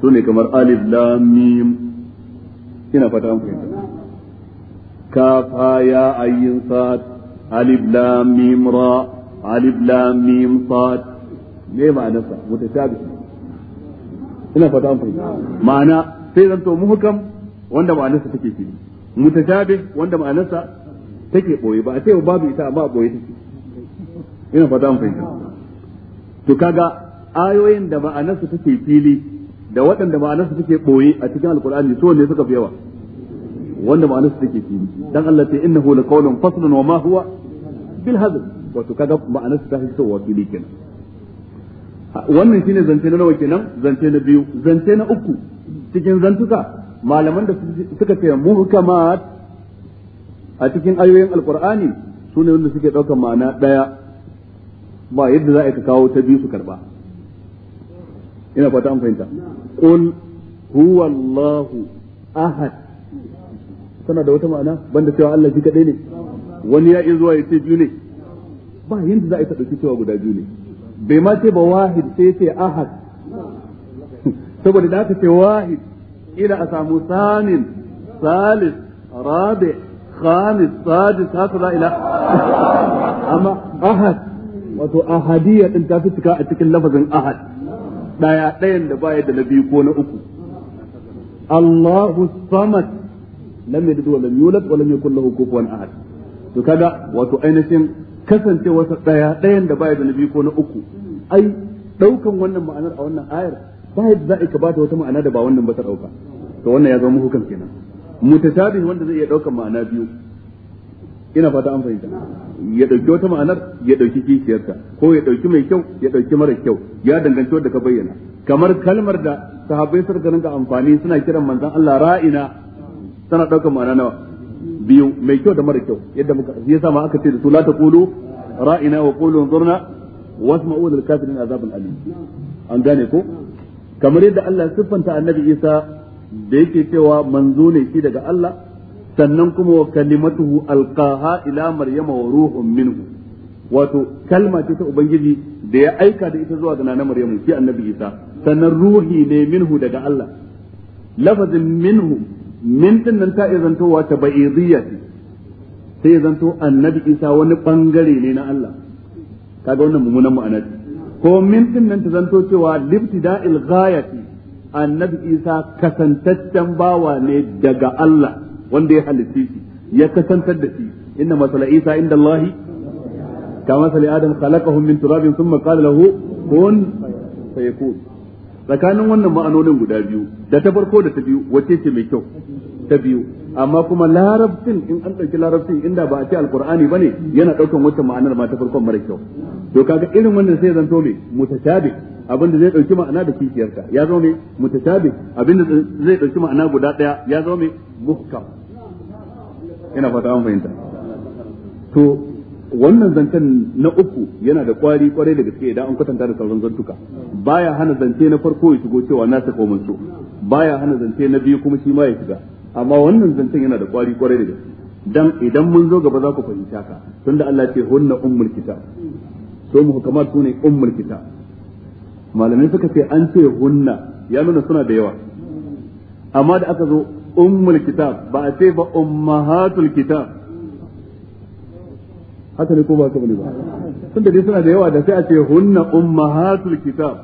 sune kamar alif lam mim ina fata an fahimta كاف يا alif صاد ألف لام ميم را ألف لام ميم صاد ليه معنى متشابه ina fata an fahimta ma'ana sai zan to muhkam wanda ma'anarsa take fili mutashabih wanda ma'anarsa take boye ba a ce babu ita amma boye take ina fata an fahimta to kaga ayoyin da ma'anarsa take fili da waɗanda ma'anarsa take boye a cikin alkur'ani to ne suka fi yawa wanda ma'anarsa take fili dan Allah ta innahu laqawlun faslun wa ma huwa bil hazl wato kaga ma'anarsa ta fi so wa fili kenan wannan shine zance na nawa kenan zance na biyu zance na uku cikin zantuka malaman da suka ce muhkamat a cikin ayoyin su ne wanda suke ɗaukar ma'ana ɗaya. ba yadda za a kawo ta biyu su karba ina fata an fahimta qul huwallahu ahad tana da wata ma'ana banda cewa Allah shi kaɗai ne wani ya iya zuwa ya ce biyu ne ba yadda za a yi ta ɗauki cewa guda biyu ne bai ma ce ba wahid sai ce ahad saboda da aka ce wahid ila a samu samin salis rabi khamis sadis haka za ila amma ahad wato ahadiyya din ta fi cika a cikin lafazin ahad daya dayan da baya da na biyu ko na uku Allahu samad lam yalid wa lam yulad wa lam yakul lahu kufuwan ahad to kaga wato ainihin Kasance wata daya ɗayan da baya da nabi ko na uku ai daukan wannan ma'anar a wannan ayar ba yadda za a ka bata wata ma'ana da ba wannan ba ta dauka to wannan ya zama hukan kenan mutatabi wanda zai iya daukan ma'ana biyu ina fata an fahimta ya dauki wata ma'anar ya dauki kishiyarta ko ya ɗauki mai kyau ya ɗauki mara kyau ya danganci wanda ka bayyana kamar kalmar da sahabbai suka ga amfani suna kiran manzan Allah ra'ina tana ɗaukan ma'ana nawa biyu mai kyau da mara kyau yadda muka shi yasa ma aka ce da su la taqulu ra'ina wa qulu anzurna wasma'u lil kafirin azabun alim an gane ko kamar yadda Allah siffanta annabi Isa da yake cewa manzo ne shi daga Allah sannan kuma wa kalimatuhu alqaha ila maryama wa ruhun minhu wato kalma ce ta ubangiji da ya aika da ita zuwa ga nana maryamu shi annabi Isa sannan ruhi ne minhu daga Allah lafazin minhu min din nan ta izantowa ta ba'idiyya ce sai izanto annabi isa wani bangare ne na Allah kaga wannan mummunan ma'ana ce ko min din nan ta zanto cewa libtida'il ghayati annabi isa kasantaccen bawa ne daga Allah wanda ya halitta shi ya kasantar da shi inna masala isa inda Allah kama sali adam khalaqahu min turabin thumma qala lahu kun fayakun tsakanin wannan ma'anonin guda biyu da ta farko da ta biyu wacce ce mai kyau ta biyu amma kuma larabcin in an ɗauki larabcin inda ba a ce alkur'ani ba ne yana ɗaukan wata ma'anar ma ta farkon mara kyau to kaga irin wannan sai zanto mai mutashabi abin da zai ɗauki ma'ana da kishiyarka ya zama mai mutashabi abin da zai ɗauki ma'ana guda ɗaya ya zo mai muhkam ina fata an fahimta to wannan zancen na uku yana da kwari kwarai da gaske idan an kwatanta da sauran zantuka baya hana zance na farko ya shigo cewa na ta komai so baya hana zance na biyu kuma shi ma ya shiga amma wannan zancen yana da kwari kwarai da gaske dan idan mun zo gaba za ku fahimta ka tunda Allah ce hunna ummul kitab so mu hukamar sune ummul kitab malamai suka ce an ce hunna ya nuna suna da yawa amma da aka zo ummul kitab ba a ce ba ummahatul kitab haka ne ko ba ka bane ba tunda dai suna da yawa da sai a ce hunna ummahatul kitab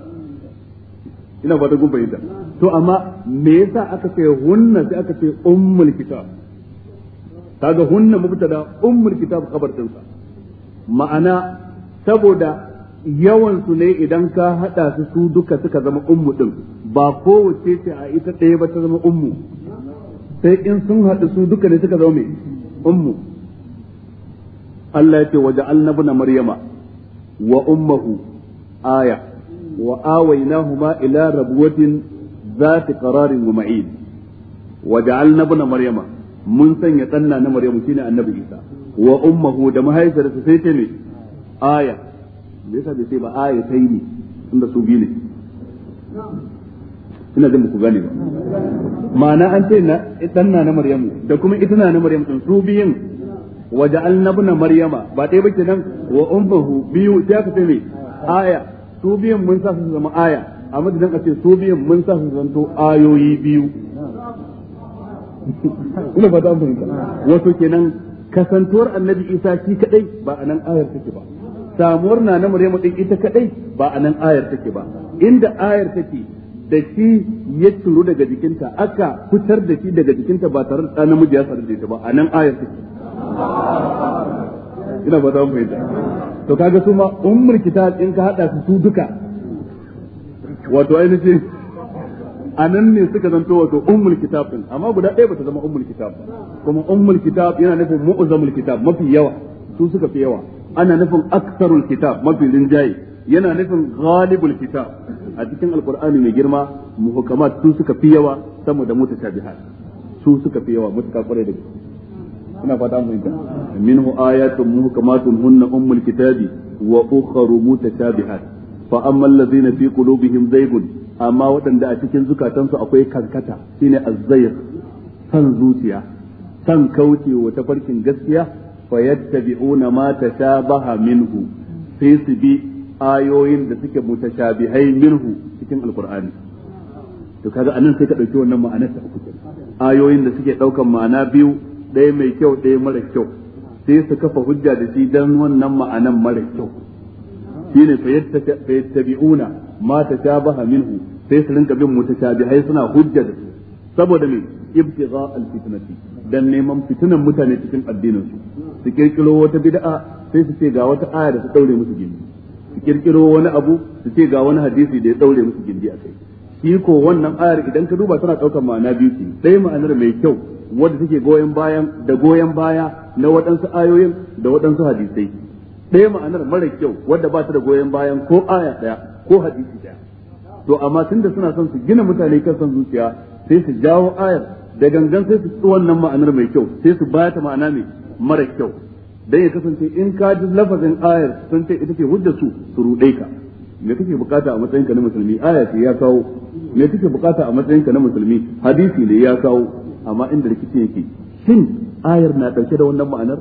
ina ba da gun bayyana to amma me yasa aka ce hunna sai aka ce ummul kitab kaga hunna mubtada ummul kitab kabar dinsa ma'ana saboda yawan su ne idan ka hada su su duka suka zama ummu din ba kowace ce a ita ɗaya ba ta zama ummu sai in sun haɗu su duka ne suka zama ummu Allah ya ce waje annabna maryama wa ummuhu aya wa awaynahuma ila rabwatin zati qararin wa ma'in waje annabna maryama mun sanya tsanna na maryamu shine annabi isa wa ummuhu da mahaifiyarsa sai ce ne aya me yasa bai ce ba aya sai ne tunda su biyu ne ina zan muku gane ba ma'ana an ce na tsanna na maryamu da kuma ita na na maryamu sun su biyun wa ja'alna ibn maryama ba dai ba kenan wa ummuhu biyu sai aka ce me aya su biyan mun sa su zama aya a madadin a ce su biyan mun sa su zanto ayoyi biyu ina fata an fahimta wato kenan kasantuwar annabi isa shi kadai ba anan nan ayar take ba samuwar na na maryama din ita kadai ba anan nan ayar take ba inda ayar take da shi ya turu daga jikinta aka fitar da shi daga jikinta ba tare da namiji ya sarar da ba anan nan ayar take ina ba za mu fahimta to kaga su ma ummul kitab in ka hada su su duka wato ainihin a nan ne suka zanto wato ummul kitab din amma guda ɗaya bata zama ummul kitab kuma ummul kitab yana nufin mu'zamul kitab mafi yawa su suka fi yawa ana nufin aksarul kitab mafi linjaye yana nufin ghalibul kitab a cikin alqur'ani mai girma muhkamat su suka fi yawa sama da mutashabihat su suka fi yawa mutaka kwarai da gaske ina fata mu fahimta minhu ayatun muhkamatun hunna ummul kitabi wa ukharu mutashabihat fa amma allazina fi qulubihim zaygun amma waɗanda a cikin zukatansu akwai karkata shine azzayr san zuciya san kauce wa farkin gaskiya fa yattabi'una ma tashabaha minhu sai su bi ayoyin da suke mutashabihai minhu cikin alqur'ani to kaga anan sai ka dauki wannan ma'anar ta uku ayoyin da suke daukan ma'ana biyu ɗaya mai kyau ɗaya mara kyau sai su kafa hujja da shi don wannan ma'anan mara kyau shine fa yattabi'una ma baha minhu sai su rinka bin biyar suna hujja da su saboda me ibtigha alfitnati dan neman fitinan mutane cikin addinin su su kirkiro wata bid'a sai su ce ga wata aya da su daure musu gindi su kirkiro wani abu su ce ga wani hadisi da ya daure musu gindi kai shi ko wannan ayar idan ka duba tana daukar ma'ana biyu ce ɗaya ma'anar mai kyau wadda take goyon bayan da goyon baya na waɗansu ayoyin da waɗansu hadisai ɗaya ma'anar mara kyau wadda ba ta da goyon bayan ko aya ɗaya ko hadisi ɗaya to amma tunda suna son su gina mutane kan son zuciya sai su jawo ayar da gangan sai su ci wannan ma'anar mai kyau sai su baya ta ma'ana mai mara kyau dan ya kasance in ka ji lafazin ayar sun ce ita ce hujjar su su ruɗe ka me kake bukata a matsayinka na musulmi aya ce ya kawo me kake bukata a matsayinka na musulmi hadisi ne ya kawo amma inda rikicin yake shin ayar na dauke da wannan ma'anar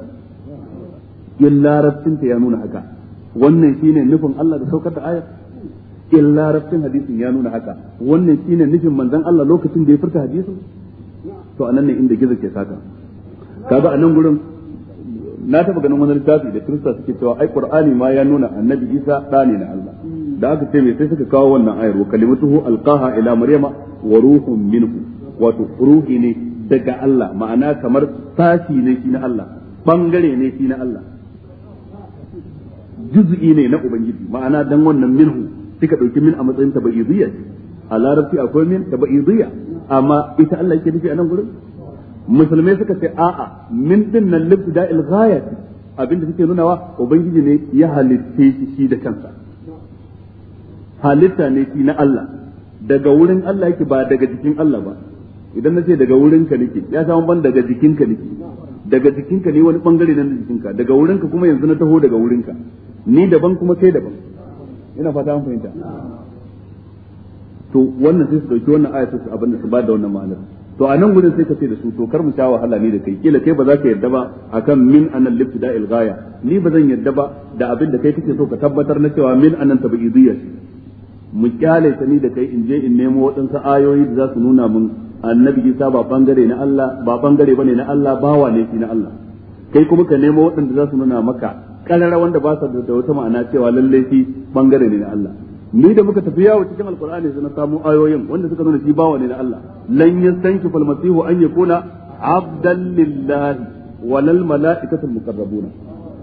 in larabcin ta ya nuna haka wannan shine nufin Allah da saukar da ayar in larabcin hadisin ya nuna haka wannan shine nufin manzon Allah lokacin da ya furta hadisin to anan ne inda gizo ke saka kaga anan gurin na taba ganin wani littafi da Kirista suke cewa ai Qur'ani ma ya nuna Annabi Isa ɗa ne na Allah da aka ce mai sai suka kawo wannan ayar wa kalimatuhu alqaha ila maryama wa ruhun minhu wato ruhi ne daga Allah ma'ana kamar sashi ne shi na Allah bangare ne shi na Allah juz'i ne na ubangiji ma'ana dan wannan minhu suka dauki min a matsayin tabaidiyya a larabci akwai min tabaidiyya amma ita Allah yake nufi a nan gurin musulmai suka ce a'a min din nan libda'il ghayat abinda suke wa ubangiji ne ya halitte shi da kansa halitta ne shi na Allah daga wurin Allah yake ba daga jikin Allah ba idan na ce daga wurin ka nake ya samu ban daga jikin ka nake daga jikin ka ne wani bangare na jikin ka daga wurin ka kuma yanzu na taho daga wurin ka ni daban kuma kai daban ina fata an fahimta to wannan sai su dauki wannan aya su abin da su ba da wannan malamin, to a nan gudun sai ka ce da su to kar mu sha wahala ni da kai kila kai ba za ka yarda ba akan min anan liftida il gaya ni ba zan yarda ba da abin da kai kake so ka tabbatar na cewa min anan tabidiyya mu kyale ta ni da kai in je in nemo waɗansu ayoyi da za su nuna min annabi Isa ba bangare na Allah ba bangare bane na Allah ba wane shi na Allah kai kuma ka nemo waɗanda za su nuna maka karara wanda ba sa da wata ma'ana cewa lalle shi bangare ne na Allah ni da muka tafi yawo cikin alqur'ani sai na samu ayoyin wanda suka nuna shi bawa ne na Allah lan yastanki fal masihu an yakuna abdan lillahi walal mala'ikatul muqarrabuna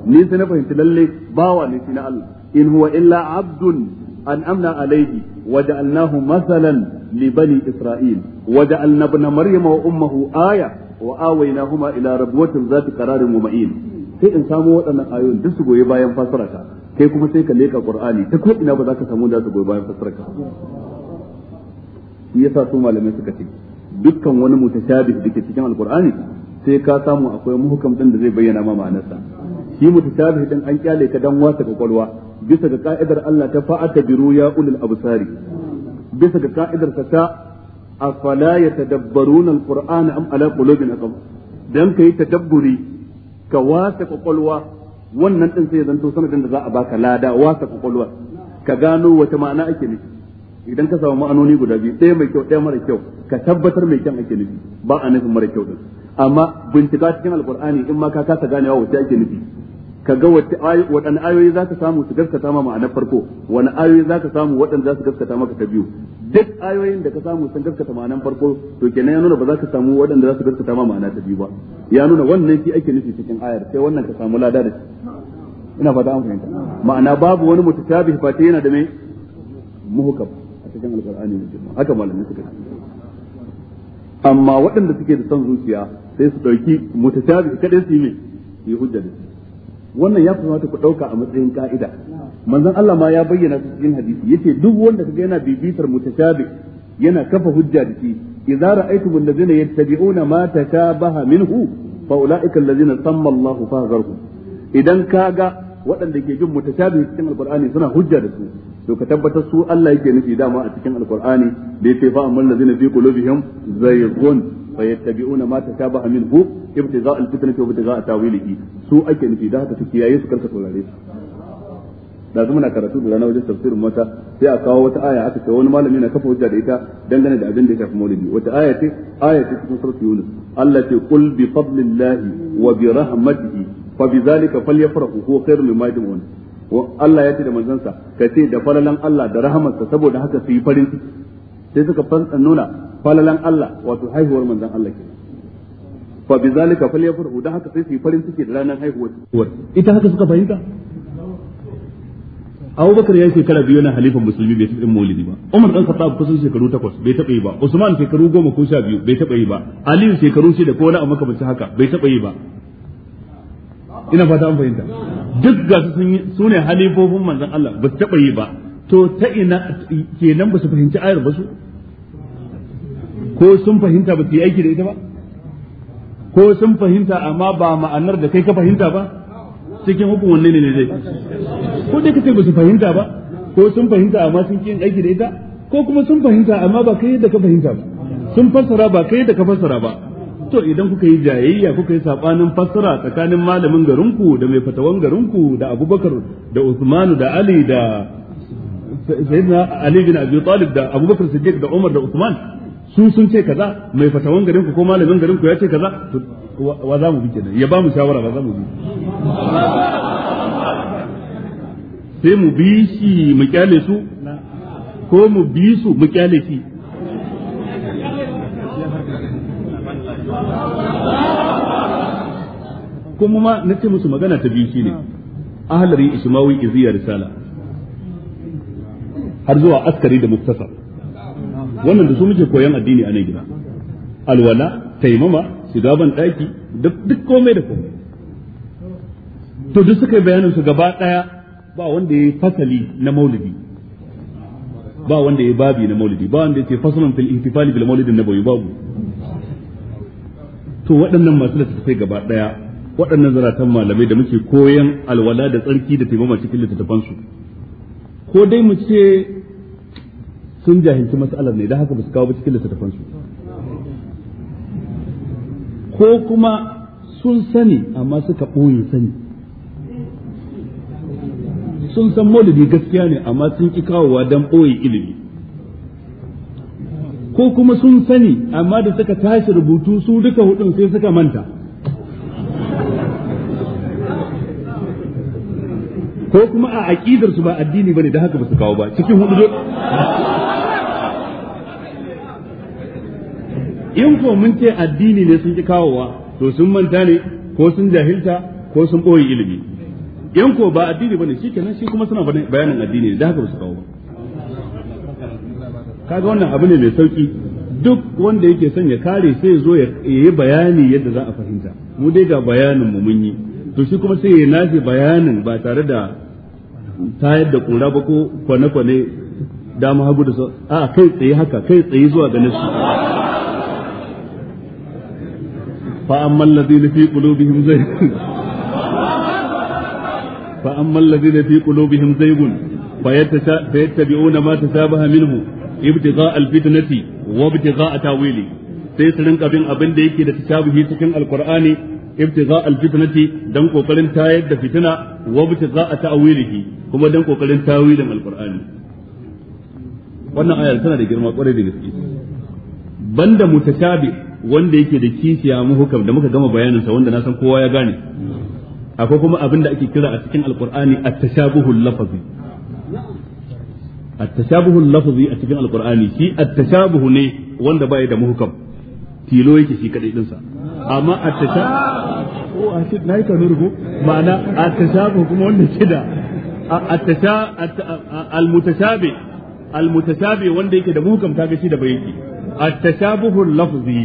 ni sai na fahimci lalle bawa ne shi na Allah in huwa illa abdun an'amna alayhi waja'alnahu masalan li bani isra'il waja'alna ibna maryama wa ummuhu aya wa awaynahuma ila rabwatin zati qararin wa ma'in sai in samu waɗannan ayoyin duk su goyi bayan fasarata kai kuma sai ka leka qur'ani ta ko ina ba za ka samu da su goyi bayan fasarata shi yasa su malamai suka ce dukkan wani mutashabih dake cikin alqur'ani sai ka samu akwai muhukam din da zai bayyana ma ma'anarsa shi mutashabih din an kyale ta dan wasa kwakwalwa bisa ga ka'idar Allah ta fa'ata biru ya ulul absari bisa ga ka'idar ta ta afala yatadabbaruna alqur'ana am ala qulubin aqab dan kai tadabburi ka wasa kwakwalwa wannan din sai zanto sanadin da za a baka lada wasa kwakwalwa ka gano wata ma'ana ake nufi idan ka samu ma'anoni guda biyu ɗaya mai kyau ɗaya mara kyau ka tabbatar mai kyan ake nufi ba a nufin mara kyau din amma bincika cikin alqur'ani in ma ka kasa ganewa wace ake nufi ka ga waɗanne ayoyi za ka samu su gaskata ma ma'anar farko wani ayoyi za ka samu waɗanda za su gaskata maka ta biyu duk ayoyin da ka samu sun gaskata ma'anar farko to kenan ya nuna ba za ka samu waɗanda za su gaskata ma ma'ana ta biyu ba ya nuna wannan shi ake nufi cikin ayar sai wannan ka samu lada da shi ina fata an fahimta ma'ana babu wani mutashabih fa yana da mai muhkam a cikin alqur'ani mai haka malamin suka amma waɗanda suke da son zuciya sai su ɗauki mutashabih kada su yi mai yi hujja da shi wannan ya kamata ku ɗauka a matsayin ka'ida manzon Allah ma ya bayyana su cikin hadisi yace duk wanda kaga yana bibitar mutashabi yana kafa hujja da shi idza ra'aytum allazina yattabi'una ma tashabaha minhu fa ulaika allazina samma Allah fahdharhum idan kaga waɗanda ke bin mutashabi cikin alqur'ani suna hujja da su to ka tabbatar su Allah yake nufi dama a cikin alqur'ani da yace fa amman allazina fi qulubihim zayghun fayattabi'una ma tashabaha minhu ibtigha' al-fitnati wa ibtigha' tawilihi su ake nufi da haka take yayi su karka saurare su da zuma na karatu da rana wajen tafsirin mata sai a kawo wata aya aka ce wani malami na kafa hujja da ita dangane da abin da ya shafi maulidi wata aya ce aya ce cikin surat yunus Allah ce qul bi fadlillahi wa bi rahmatihi fa bi zalika falyafrahu huwa khairun mimma yajma'un Allah ya ce da manzansa ka ce da falalan Allah da rahamarsa saboda haka su yi farin ciki sai suka nuna falalan Allah wato haihuwar manzon Allah ke. fa bizalika falyafrahu da haka sai su yi farin ciki da ranar haihuwar ita haka suka fahimta Abu Bakar ya shekara biyu na halifan musulmi bai taɓa maulidi ba. Umar dan Khattab kusan shekaru takwas bai taɓa yi ba. Usman shekaru goma ko sha biyu bai taɓa yi ba. Ali shekaru shi da ko a maka bace haka bai taɓa yi ba. Ina fata an fahimta. Duk ga su sun yi su ne halifofin manzon Allah ba su taɓa yi ba. To ta ina kenan ba su fahimci ayar ba su? ko sun fahimta ba su yi aiki da ita ba ko sun fahimta amma ba ma'anar da kai ka fahimta ba cikin hukun wanne ne dai ko dai kace ba su fahimta ba ko sun fahimta amma sun kin aiki da ita ko kuma sun fahimta amma ba kai yadda ka fahimta ba sun fassara ba kai yadda ka fassara ba to idan kuka yi jayayya kuka yi sabanin fassara tsakanin malamin garinku da mai fatawan garinku da Abubakar da Usman da Ali da Sayyidina Ali bin Abi Talib da Abubakar Siddiq da Umar da Usman su sun ce kaza mai fatawan garin ku ko malamin garin ku ya ce kaza wa za mu bi kenan ya ba mu shawara ba za mu bi sai mu bi shi mu kyale su ko mu bi su mu kyale shi kuma ma na ce musu magana ta biyu shine ahlari ismawi iziya risala har zuwa askari da muktasar wannan da su muke koyon addini a nan gida alwala taimama shiga ban daki duk komai da komai to duk suka yi bayanin su gaba daya ba wanda yayi fasali na maulidi ba wanda yayi babi na maulidi ba wanda yake fasalan fil intifali bil maulidi nabawi babu to waɗannan masu littattafai gaba daya waɗannan zaratan malamai da muke koyon alwala da tsarki da taimama cikin littattafansu ko dai mu ce sun jahilci mas'alar ne da haka ba su kawo ba cikin littattafan su ko kuma sun sani amma suka ɓoye sani sun san maulidi gaskiya ne amma sun ki kawowa don ɓoye ilimi ko kuma sun sani amma da suka tashi rubutu su duka hudun sai suka manta ko kuma a aƙidarsu ba addini ba ne, da haka ba su kawo ba cikin hudu in ko mun ce addini ne sun ki kawowa to sun manta ne ko sun jahilta ko sun boye ilimi in ko ba addini bane shikenan shi kuma suna bayanin addini ne da haka ba su kawo kaga wannan abu ne mai sauki duk wanda yake son ya kare sai zo ya yi bayani yadda za a fahimta mu dai ga bayanin mu mun yi to shi kuma sai ya nafi bayanin ba tare da tayar da kura ba ko kwane-kwane dama hagu da sau a kai tsaye haka kai tsaye zuwa ga nasu فأما الذين في قلوبهم زيغ فأما الذين في قلوبهم زيغ فيتبعون ما تشابه منه ابتغاء الفتنة وابتغاء تاويله sai su rinka bin abin da yake da tashabuhi cikin alqur'ani ibtiga alfitnati dan kokarin tayar da fitina wa ibtiga ta'wilihi kuma dan kokarin tawilin alqur'ani wannan ayar tana da girma kwarai da gaske banda mutashabi wanda yake da kishiya muhukam da muka gama bayanin sa wanda na san kowa ya gane akwai kuma abin da ake kira a cikin alqur'ani at-tashabuhu lafazi at-tashabuhu lafazi a cikin alqur'ani shi at-tashabuhu ne wanda baya da muhukam tilo yake shi kadai din sa amma at-tashabuhu oh, a shi nayi ka nurgo ma'ana at-tashabuhu kuma wanda ke da al-mutashabi al-mutashabi wanda yake da muhukam kaga shi da bai yake at-tashabuhu lafazi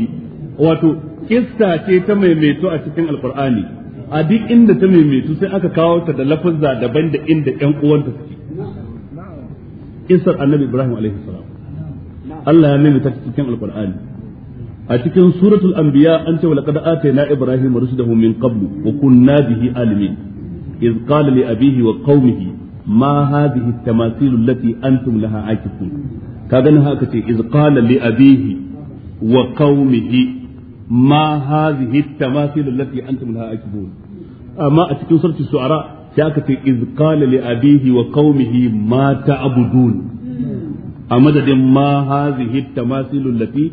wato kista ce ta maimaito a cikin alqur'ani a duk inda ta maimaito sai aka kawo ta da lafazza daban da inda ƴan uwanta suke Kistar annabi ibrahim alaihi salam Allah ya maimaita ta cikin alqur'ani a cikin suratul anbiya an ce walaqad atayna ibrahim rusulahu min qablu wa kunna bihi alimin iz qala li abihi wa qaumihi ma hadhihi at-tamasil allati antum laha akifun kaga nan haka ce iz qala li abihi wa qaumihi ma hadhihi tamathil allati antum laha akibun amma a cikin suratul su'ara sai aka ce iz qala li abihi wa qaumihi ma ta'budun a madadin ma hadhihi tamathil allati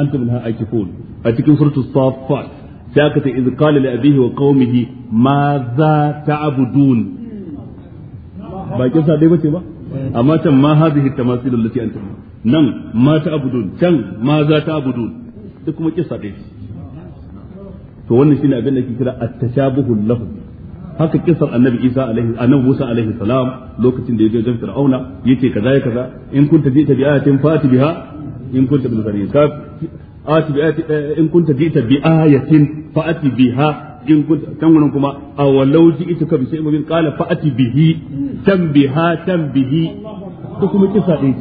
antum laha akibun a cikin suratul safat sai aka ce iz qala li abihi wa qaumihi ma za ta'budun ba kin sa ba ma nan ma can ma za ta'budun kuma kisa ɗaya to wannan shine abin da ke kira at-tashabuhu lahu haka kisar annabi Isa alaihi annabi Musa alaihi salam lokacin da ya je wajen Fir'auna yace kaza ya kaza in kunta jita bi ayatin fati biha in kunta bi musani ka ati bi ayati eh, in kunta jita bi ayatin fati biha in kunta kan wannan kuma awalau ji'tuka bi shay'in qala fati bihi tanbiha tanbihi ko kuma kissa din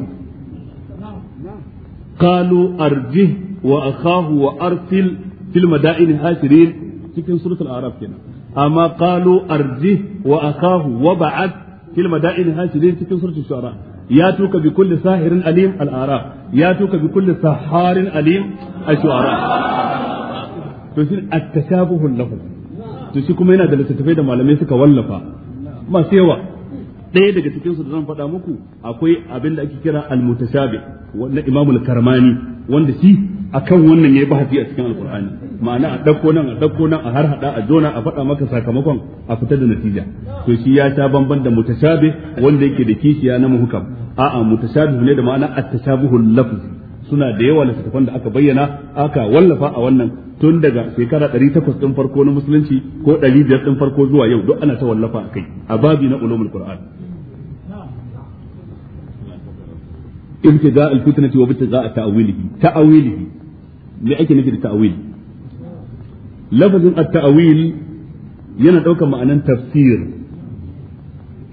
qalu arjih wa akhahu wa arsil fil madain hasirin cikin suratul araf kenan amma qalu arji wa akhahu wa ba'ad fil cikin suratul shu'ara ya tuka bi kulli sahirin alim al ya tuka bi kulli saharin alim al shu'ara to kuma yana da littattafai da malamai suka wallafa masu yawa ɗaya daga cikinsu da zan faɗa muku akwai abin da ake kira al-mutashabi na Imam al-Karmani wanda shi akan wannan ya yi bahasi a cikin alqur'ani ma'ana a ɗauko nan a ɗauko nan a har haɗa, a jona a faɗa maka sakamakon a fitar da natija to shi ya ta bamban da mutashabih wanda yake da kishiya na muhukam. a'a mutashabih ne da ma'ana at-tashabuhul suna da yawa littattafan da aka bayyana aka wallafa a wannan tun daga shekara 800 din farko na musulunci ko 500 din farko zuwa yau duk ana ta wallafa a kai a babi na ulumul qur'an ibtida'a al-fitnati wa ibtida'a ta'wilihi ta'wilihi me ake nufi da ta'awil lafazin at-ta'awil yana ɗauka ma'anan tafsir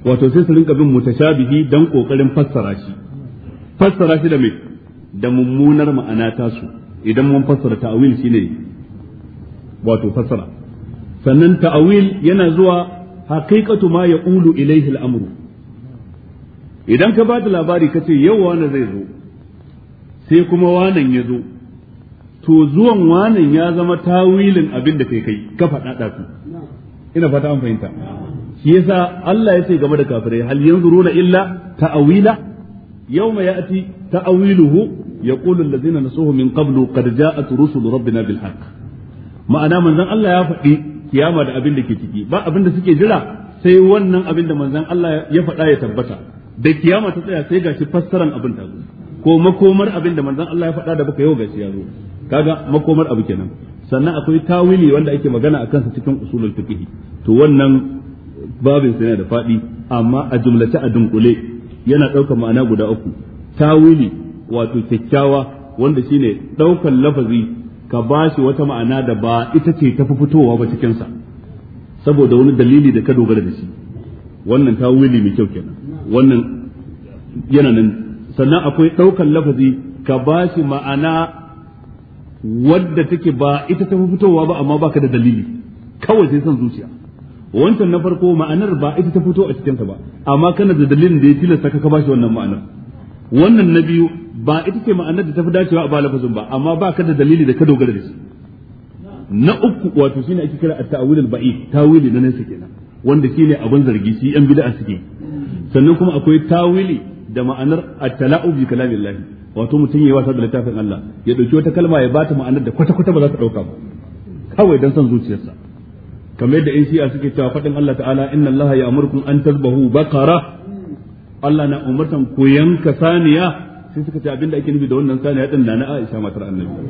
wato sai su rinka bin mutashabihi dan kokarin fassara shi fassara shi da me da mummunar ma'ana ta su idan mun fassara ta'awil shine wato fassara sannan ta'awil yana zuwa haqiqatu ma yaqulu ilayhi al-amru idan ka ba da labari kace yau wani zai zo sai kuma wanan ya zo to zuwan wanan ya zama tawilin abin da kai kai ka faɗaɗa su. ina fata an fahimta shi yasa Allah ya ce game da kafirai hal yanzuruna illa ta'awila yawma ya'ti ta'awiluhu allazina nasuhu min qablu qad ja'at rusul rabbina bil haqq ma'ana manzon Allah ya faɗi kiyama da abin da ke ciki ba abin da suke jira sai wannan abin da manzon Allah ya faɗa ya tabbata da kiyama ta tsaya sai gashi fassaran abin ta zo ko makomar abin da manzon Allah ya faɗa da baka yau gashi ya zo kaga makomar abu kenan sannan akwai tawili wanda ake magana a kansa cikin usulul fiqh to wannan babin sa yana da fadi amma a jumlace a dunkule yana ɗaukar ma'ana guda uku tawili wato kyakkyawa wanda shine ɗaukar lafazi ka bashi wata ma'ana da ba ita ce tafi fitowa ba cikin sa saboda wani dalili da ka dogara da shi wannan tawili mai kyau kenan wannan yana nan sannan akwai ɗaukar lafazi ka bashi ma'ana wadda take ba ita ta fitowa ba amma baka da dalili kawai sai son zuciya wancan na farko ma'anar ba ita ta fito a cikinsa ba amma kana da dalilin da ya tilasta ka bashi wannan ma'anar wannan na biyu ba ita ce ma'anar da ta fi dacewa a ba lafazin ba amma ba ka da dalili da ka dogara da shi na uku wato ne ake kira a ta'awil al-ba'id tawili na nesa kenan wanda ne abin zargi shi yan bid'a suke sannan kuma akwai tawili da ma'anar at-tala'ub bi kalamillah wato mutum yayi wasa da littafin Allah ya dauki wata kalma ya bata ma'anar da kwata kwata ba za ta dauka ba kawai dan son zuciyarsa kamar yadda in shi'a suke cewa fadin Allah ta'ala inna Allah ya'murukum an tazbahu baqara Allah na umartan ku yanka saniya sai suka ce abinda ake nufi da wannan saniya din na Aisha matar Annabi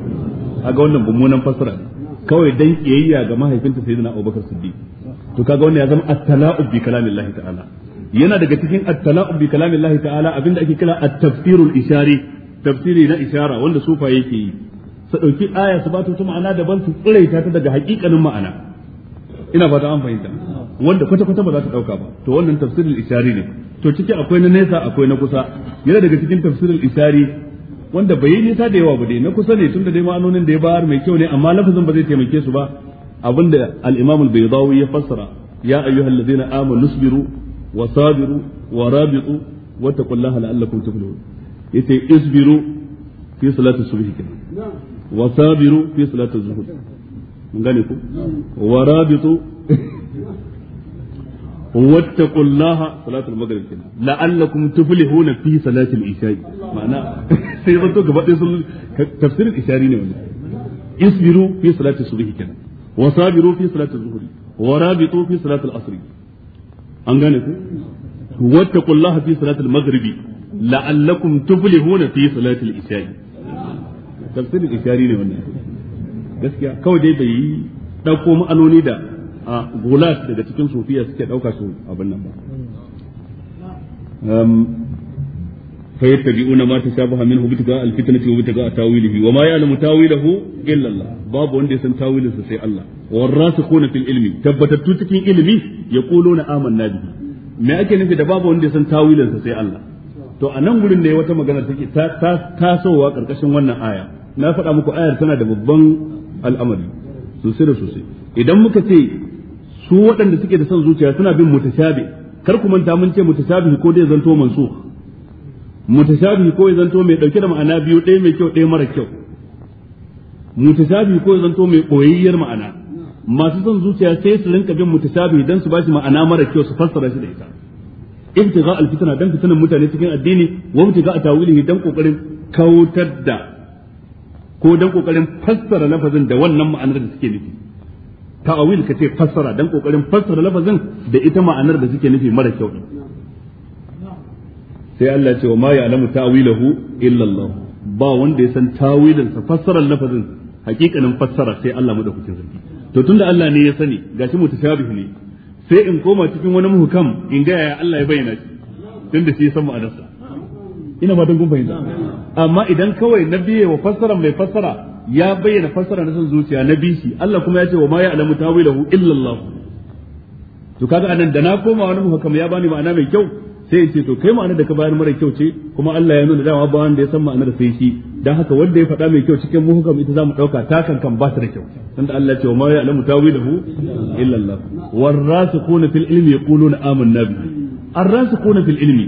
ga wannan mummunan fassara kawai dan kiyayya ga mahaifinta sayyidina Abubakar Siddiq to kaga wannan ya zama at-tala'ub bi kalamillahi ta'ala yana daga cikin at-tala'u bi kalamillahi ta'ala abinda ake kira at-tafsirul ishari tafsiri na ishara wanda sufa yake yi su dauki aya su ba ta ma'ana daban su tsiraita ta daga hakikanin ma'ana ina fata an fahimta wanda kwata kwata ba za ta dauka ba to wannan tafsirul ishari ne to ciki akwai na nesa akwai na kusa yana daga cikin tafsirul ishari wanda bai yi nisa da yawa ba dai na kusa ne tunda dai ma'anonin da ya bayar mai kyau ne amma lafazin ba zai taimake su ba abinda al-imam al-baydawi ya fassara ya ayyuhallazina amanu sabiru wa sabiru wa rabitu wa taqullaha la'allakum tuflihun yace isbiru fi salati subh kenan wa sabiru fi salati zuhur mun gane ku wa rabitu واتقوا الله صلاة المغرب كنا لعلكم تفلحون في صلاة العشاء معنى سيغطوا كبات تفسير الإشاري نعم اصبروا في صلاة الصبح كنا وصابروا في صلاة الظهر ورابطوا في صلاة العصر an gane ku wattaqullaha fi salatil maghribi la'allakum tuflihuna fi salatil isha'i tafsirin ishari ne wannan gaskiya kawai dai bai yi dauko ma'anoni da a gulas daga cikin sufiya suke dauka su abin nan ba ehm, fayattabi'una ma tashabaha minhu bitaga alfitnati wa bitaga tawilihi wa ma ya'lamu tawilahu illa Allah babu wanda ya san tawilin sa sai Allah warasikhuna fil ilmi tabbatattu cikin ilmi yaquluna amanna bihi me ake nufi da babu wanda ya san tawilin sai Allah to a nan gurin ne wata magana take ta tasowa karkashin wannan aya na faɗa muku ayar tana da babban al'amari sosai da sosai idan muka ce su waɗanda suke da son zuciya suna bin mutashabi kar ku manta mun ce mutashabi ko dai zanto mansukh mutashabi ko ya zanto mai dauke da ma'ana biyu ɗaya mai kyau ɗaya mara kyau mutashabi ko ya zanto mai koyayyar ma'ana masu son zuciya sai su rinka bin mutashabi dan su bashi ma'ana mara kyau su fassara shi da ita ibtiga alfitana dan fitanan mutane cikin addini wa ibtigha atawilihi dan kokarin kautar da ko dan kokarin fassara lafazin da wannan ma'anar da suke nufi ta'awil kace fassara dan kokarin fassara lafazin da ita ma'anar da suke nufi mara kyau sai Allah ce wa ma alamu ta'wilahu illa Allah ba wanda ya san tawilin sa fassarar lafazin hakikanin fassara sai Allah madaukakin sarki to tunda Allah ne ya sani gashi mutashabih ne sai in koma cikin wani muhkam in ga ya Allah ya bayyana shi tunda shi ya san ma'anarsa ina fatan kun fahimta amma idan kawai na biye wa fassara mai fassara ya bayyana fassara na son zuciya na bi shi Allah kuma ya ce wa ma alamu ta'wilahu illa Allah to kaga anan da na koma wani muhkam ya bani ma'ana mai kyau sai ce to kai ma'anar da ka bayar mara kyau ce kuma Allah ya nuna dama ba da ya san ma'anar sai shi dan haka wanda ya faɗa mai kyau cikin muhukam ita zamu dauka ta kan kan ba ta da kyau tunda Allah ce wa ma ya'lamu tawilahu illa Allah warasikhuna fil ilmi yaquluna amanna bihi arrasikhuna fil ilmi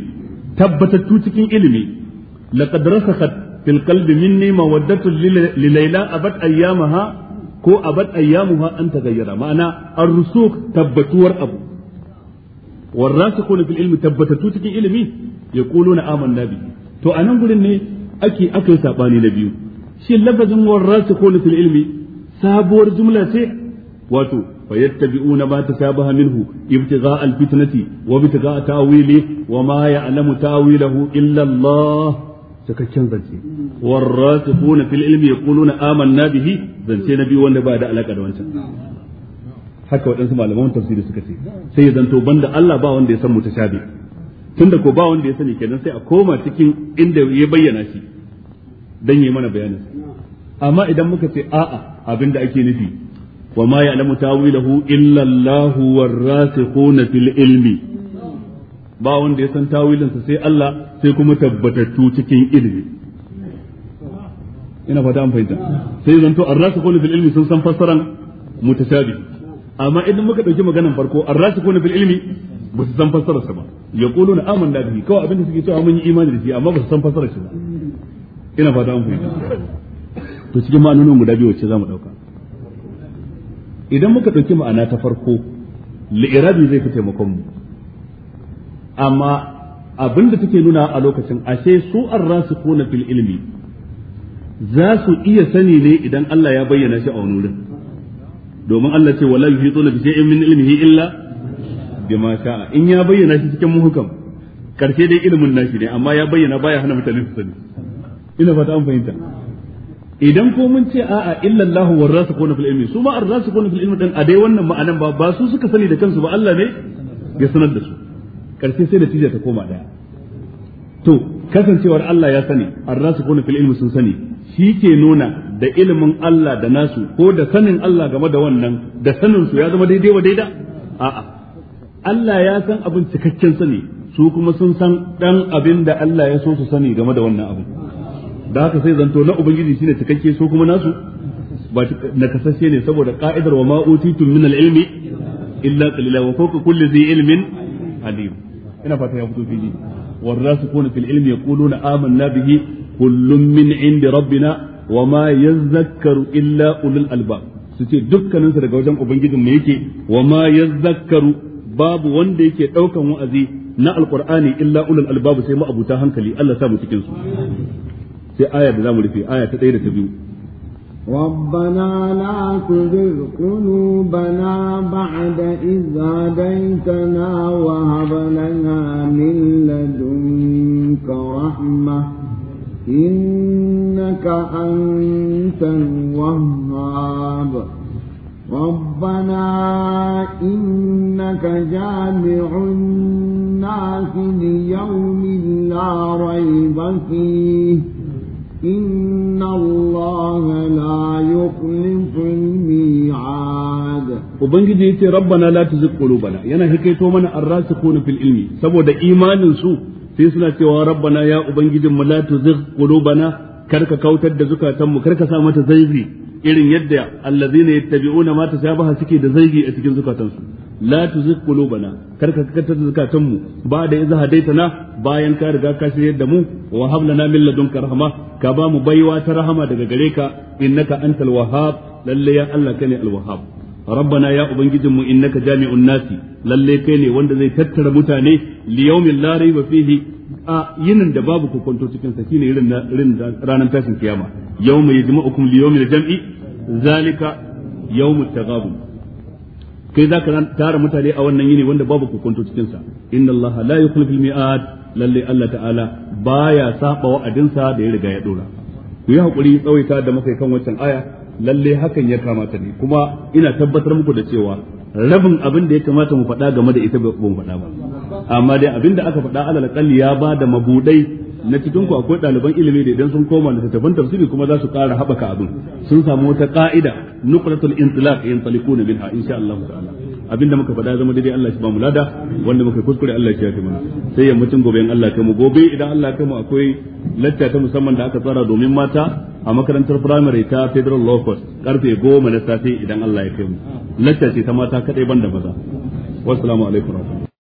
tabbatattu cikin ilmi laqad rasakhat fil qalbi minni mawaddatu li layla abat ayyamaha ko abat ayyamuha an tagayyara ma'ana ar-rusuk tabbatuwar abu والراسخون في العلم تبتتو cikin ilimi yaquluna amanna bi to anan gurin ne ake akai sabani na biyu shi lafazin warrasikhuna fil ilmi sabuwar jumla ce wato fayattabi'una ma tashabaha minhu ibtigha'a alfitnati wa ibtigha'a ta'wili wa ma ya'lamu ta'wilahu illa Allah cikakken zance warrasikhuna fil ilmi yaquluna amanna bihi zance na biyu wanda ba da alaka da wancan haka waɗansu malaman tafsiri suka ce sai ya zanto banda Allah ba wanda ya san mutashabi tunda ko ba wanda ya sani kenan sai a koma cikin inda ya bayyana shi dan yi mana bayanin amma idan muka ce a'a abinda ake nufi wa ma ya'lamu ta'wilahu illa Allah warasikhuna fil ilmi ba wanda ya san tawilinsa sai Allah sai kuma tabbatattu cikin ilimi ina fata an fahimta sai zanto arrasikhuna fil ilmi sun san fassaran mutashabi amma idan muka dauki maganan farko ar-rasikuna bil ilmi ba su san shi ba yaquluna amanna bihi kawai abin da suke cewa mun yi imani da shi amma ba su san shi ba ina fata an fahimta to cikin ma'anonin guda biyu wacce zamu dauka idan muka dauki ma'ana ta farko li'irabi zai fi taimakon mu amma abin da take nuna a lokacin ashe su ar-rasikuna fil ilmi za su iya sani ne idan Allah ya bayyana shi a wani wurin domin Allah ce wala yuhituna bi shay'in min ilmihi illa bima sha'a in ya bayyana shi cikin muhukam karshe dai ilimin nashi ne amma ya bayyana baya hana mutane su sani ina fata an fahimta idan ko mun ce a'a illa Allah wa rasikuna fil ilmi su ma arrasikuna fil ilmi dan a dai wannan ma'anan ba ba su suka sani da kansu ba Allah ne ya sanar da su karshe sai natija ta koma daya to kasancewar Allah ya sani arrasikuna fil ilmi sun sani shi ke nuna da ilimin Allah da nasu ko da sanin Allah game da wannan da saninsu ya zama daidai wa daida a'a Allah ya san abin cikakken sani su kuma sun san dan abin da Allah ya so su sani game da wannan abin da haka sai zanto na ubangiji shine cikakke so kuma nasu ba na kasashe ne saboda ka'idar wa ma utitum min al-ilmi illa qalila wa fawqa kulli dhi ilmin alim ina fata ya fito fili والراسخون في العلم يقولون Amanna bihi. kullum min inda rabbina wa ma yazzakkaru illa ulul albab su ce dukkanin su daga wajen ubangijin mu yake wa ma yazzakkaru babu wanda yake daukan wa'azi na alqur'ani illa ulul albab sai mu abuta hankali Allah sa mu cikin su sai aya da zamu rufe aya ta 1 da ta 2 ربنا لا تزغ قلوبنا بعد إذ هديتنا وهب أنت الوهاب ربنا إنك جامع الناس ليوم لا ريب فيه إن الله لا يخلف الميعاد Ubangiji yace rabbana la tuzigh qulubana yana hikaito mana ar-rasikhuna fil ilmi saboda imanin su sai suna cewa rabbana ya ubangijin mu la tuzigh karka kautar da zukatanmu karka sa mata zaifi irin yadda allazina yattabi'una ma tasabaha suke da zaifi a cikin zukatansu la tuzigh qulubana karka kautar da zukatanmu ba da iza hadaitana bayan ka riga ka shirye da mu wa hablana min ladunka rahma ka ba mu baiwa ta rahama daga gare ka innaka antal wahhab lalle ya Allah kane al wahhab rabbana ya in naka jami'un nasi lalle kai ne wanda zai tattara mutane li yawmin la rayba fihi a yinin da babu kokonto cikin sa shine irin ranar tashin kiyama yawma yajma'ukum li yawmil jam'i zalika yawmut taghabun kai zaka tara mutane a wannan yini wanda babu kokonto cikin sa inna allaha la yukhliful mi'ad lalle allah ta'ala baya saba wa'adinsa da ya riga ya dora ku yi hakuri tsawaita da muka kan wancan aya lalle hakan ya kamata ne kuma ina tabbatar muku da cewa rabin abin da ya kamata mu faɗa game da ita ba mu faɗa ba amma dai abin da aka faɗa alal ya ba da mabudai na cikin ku akwai ɗaliban ilimi da idan sun koma da littattafan tafsiri kuma za su ƙara haɓaka abin sun samu wata ƙa'ida nuqratul intilaq yantalikuna minha insha Allah ta'ala abinda muka faɗa zama daidai Allah shi ba mu lada wanda muka kuskure Allah shi ya kai mana sai yammacin gobe in Allah kai mu gobe idan Allah kai mu akwai latta ta musamman da aka tsara domin mata a makarantar primary ta Federal Law Course karfe 10 na safe idan Allah ya kai mu latta ce ta mata kadai banda maza wassalamu alaikum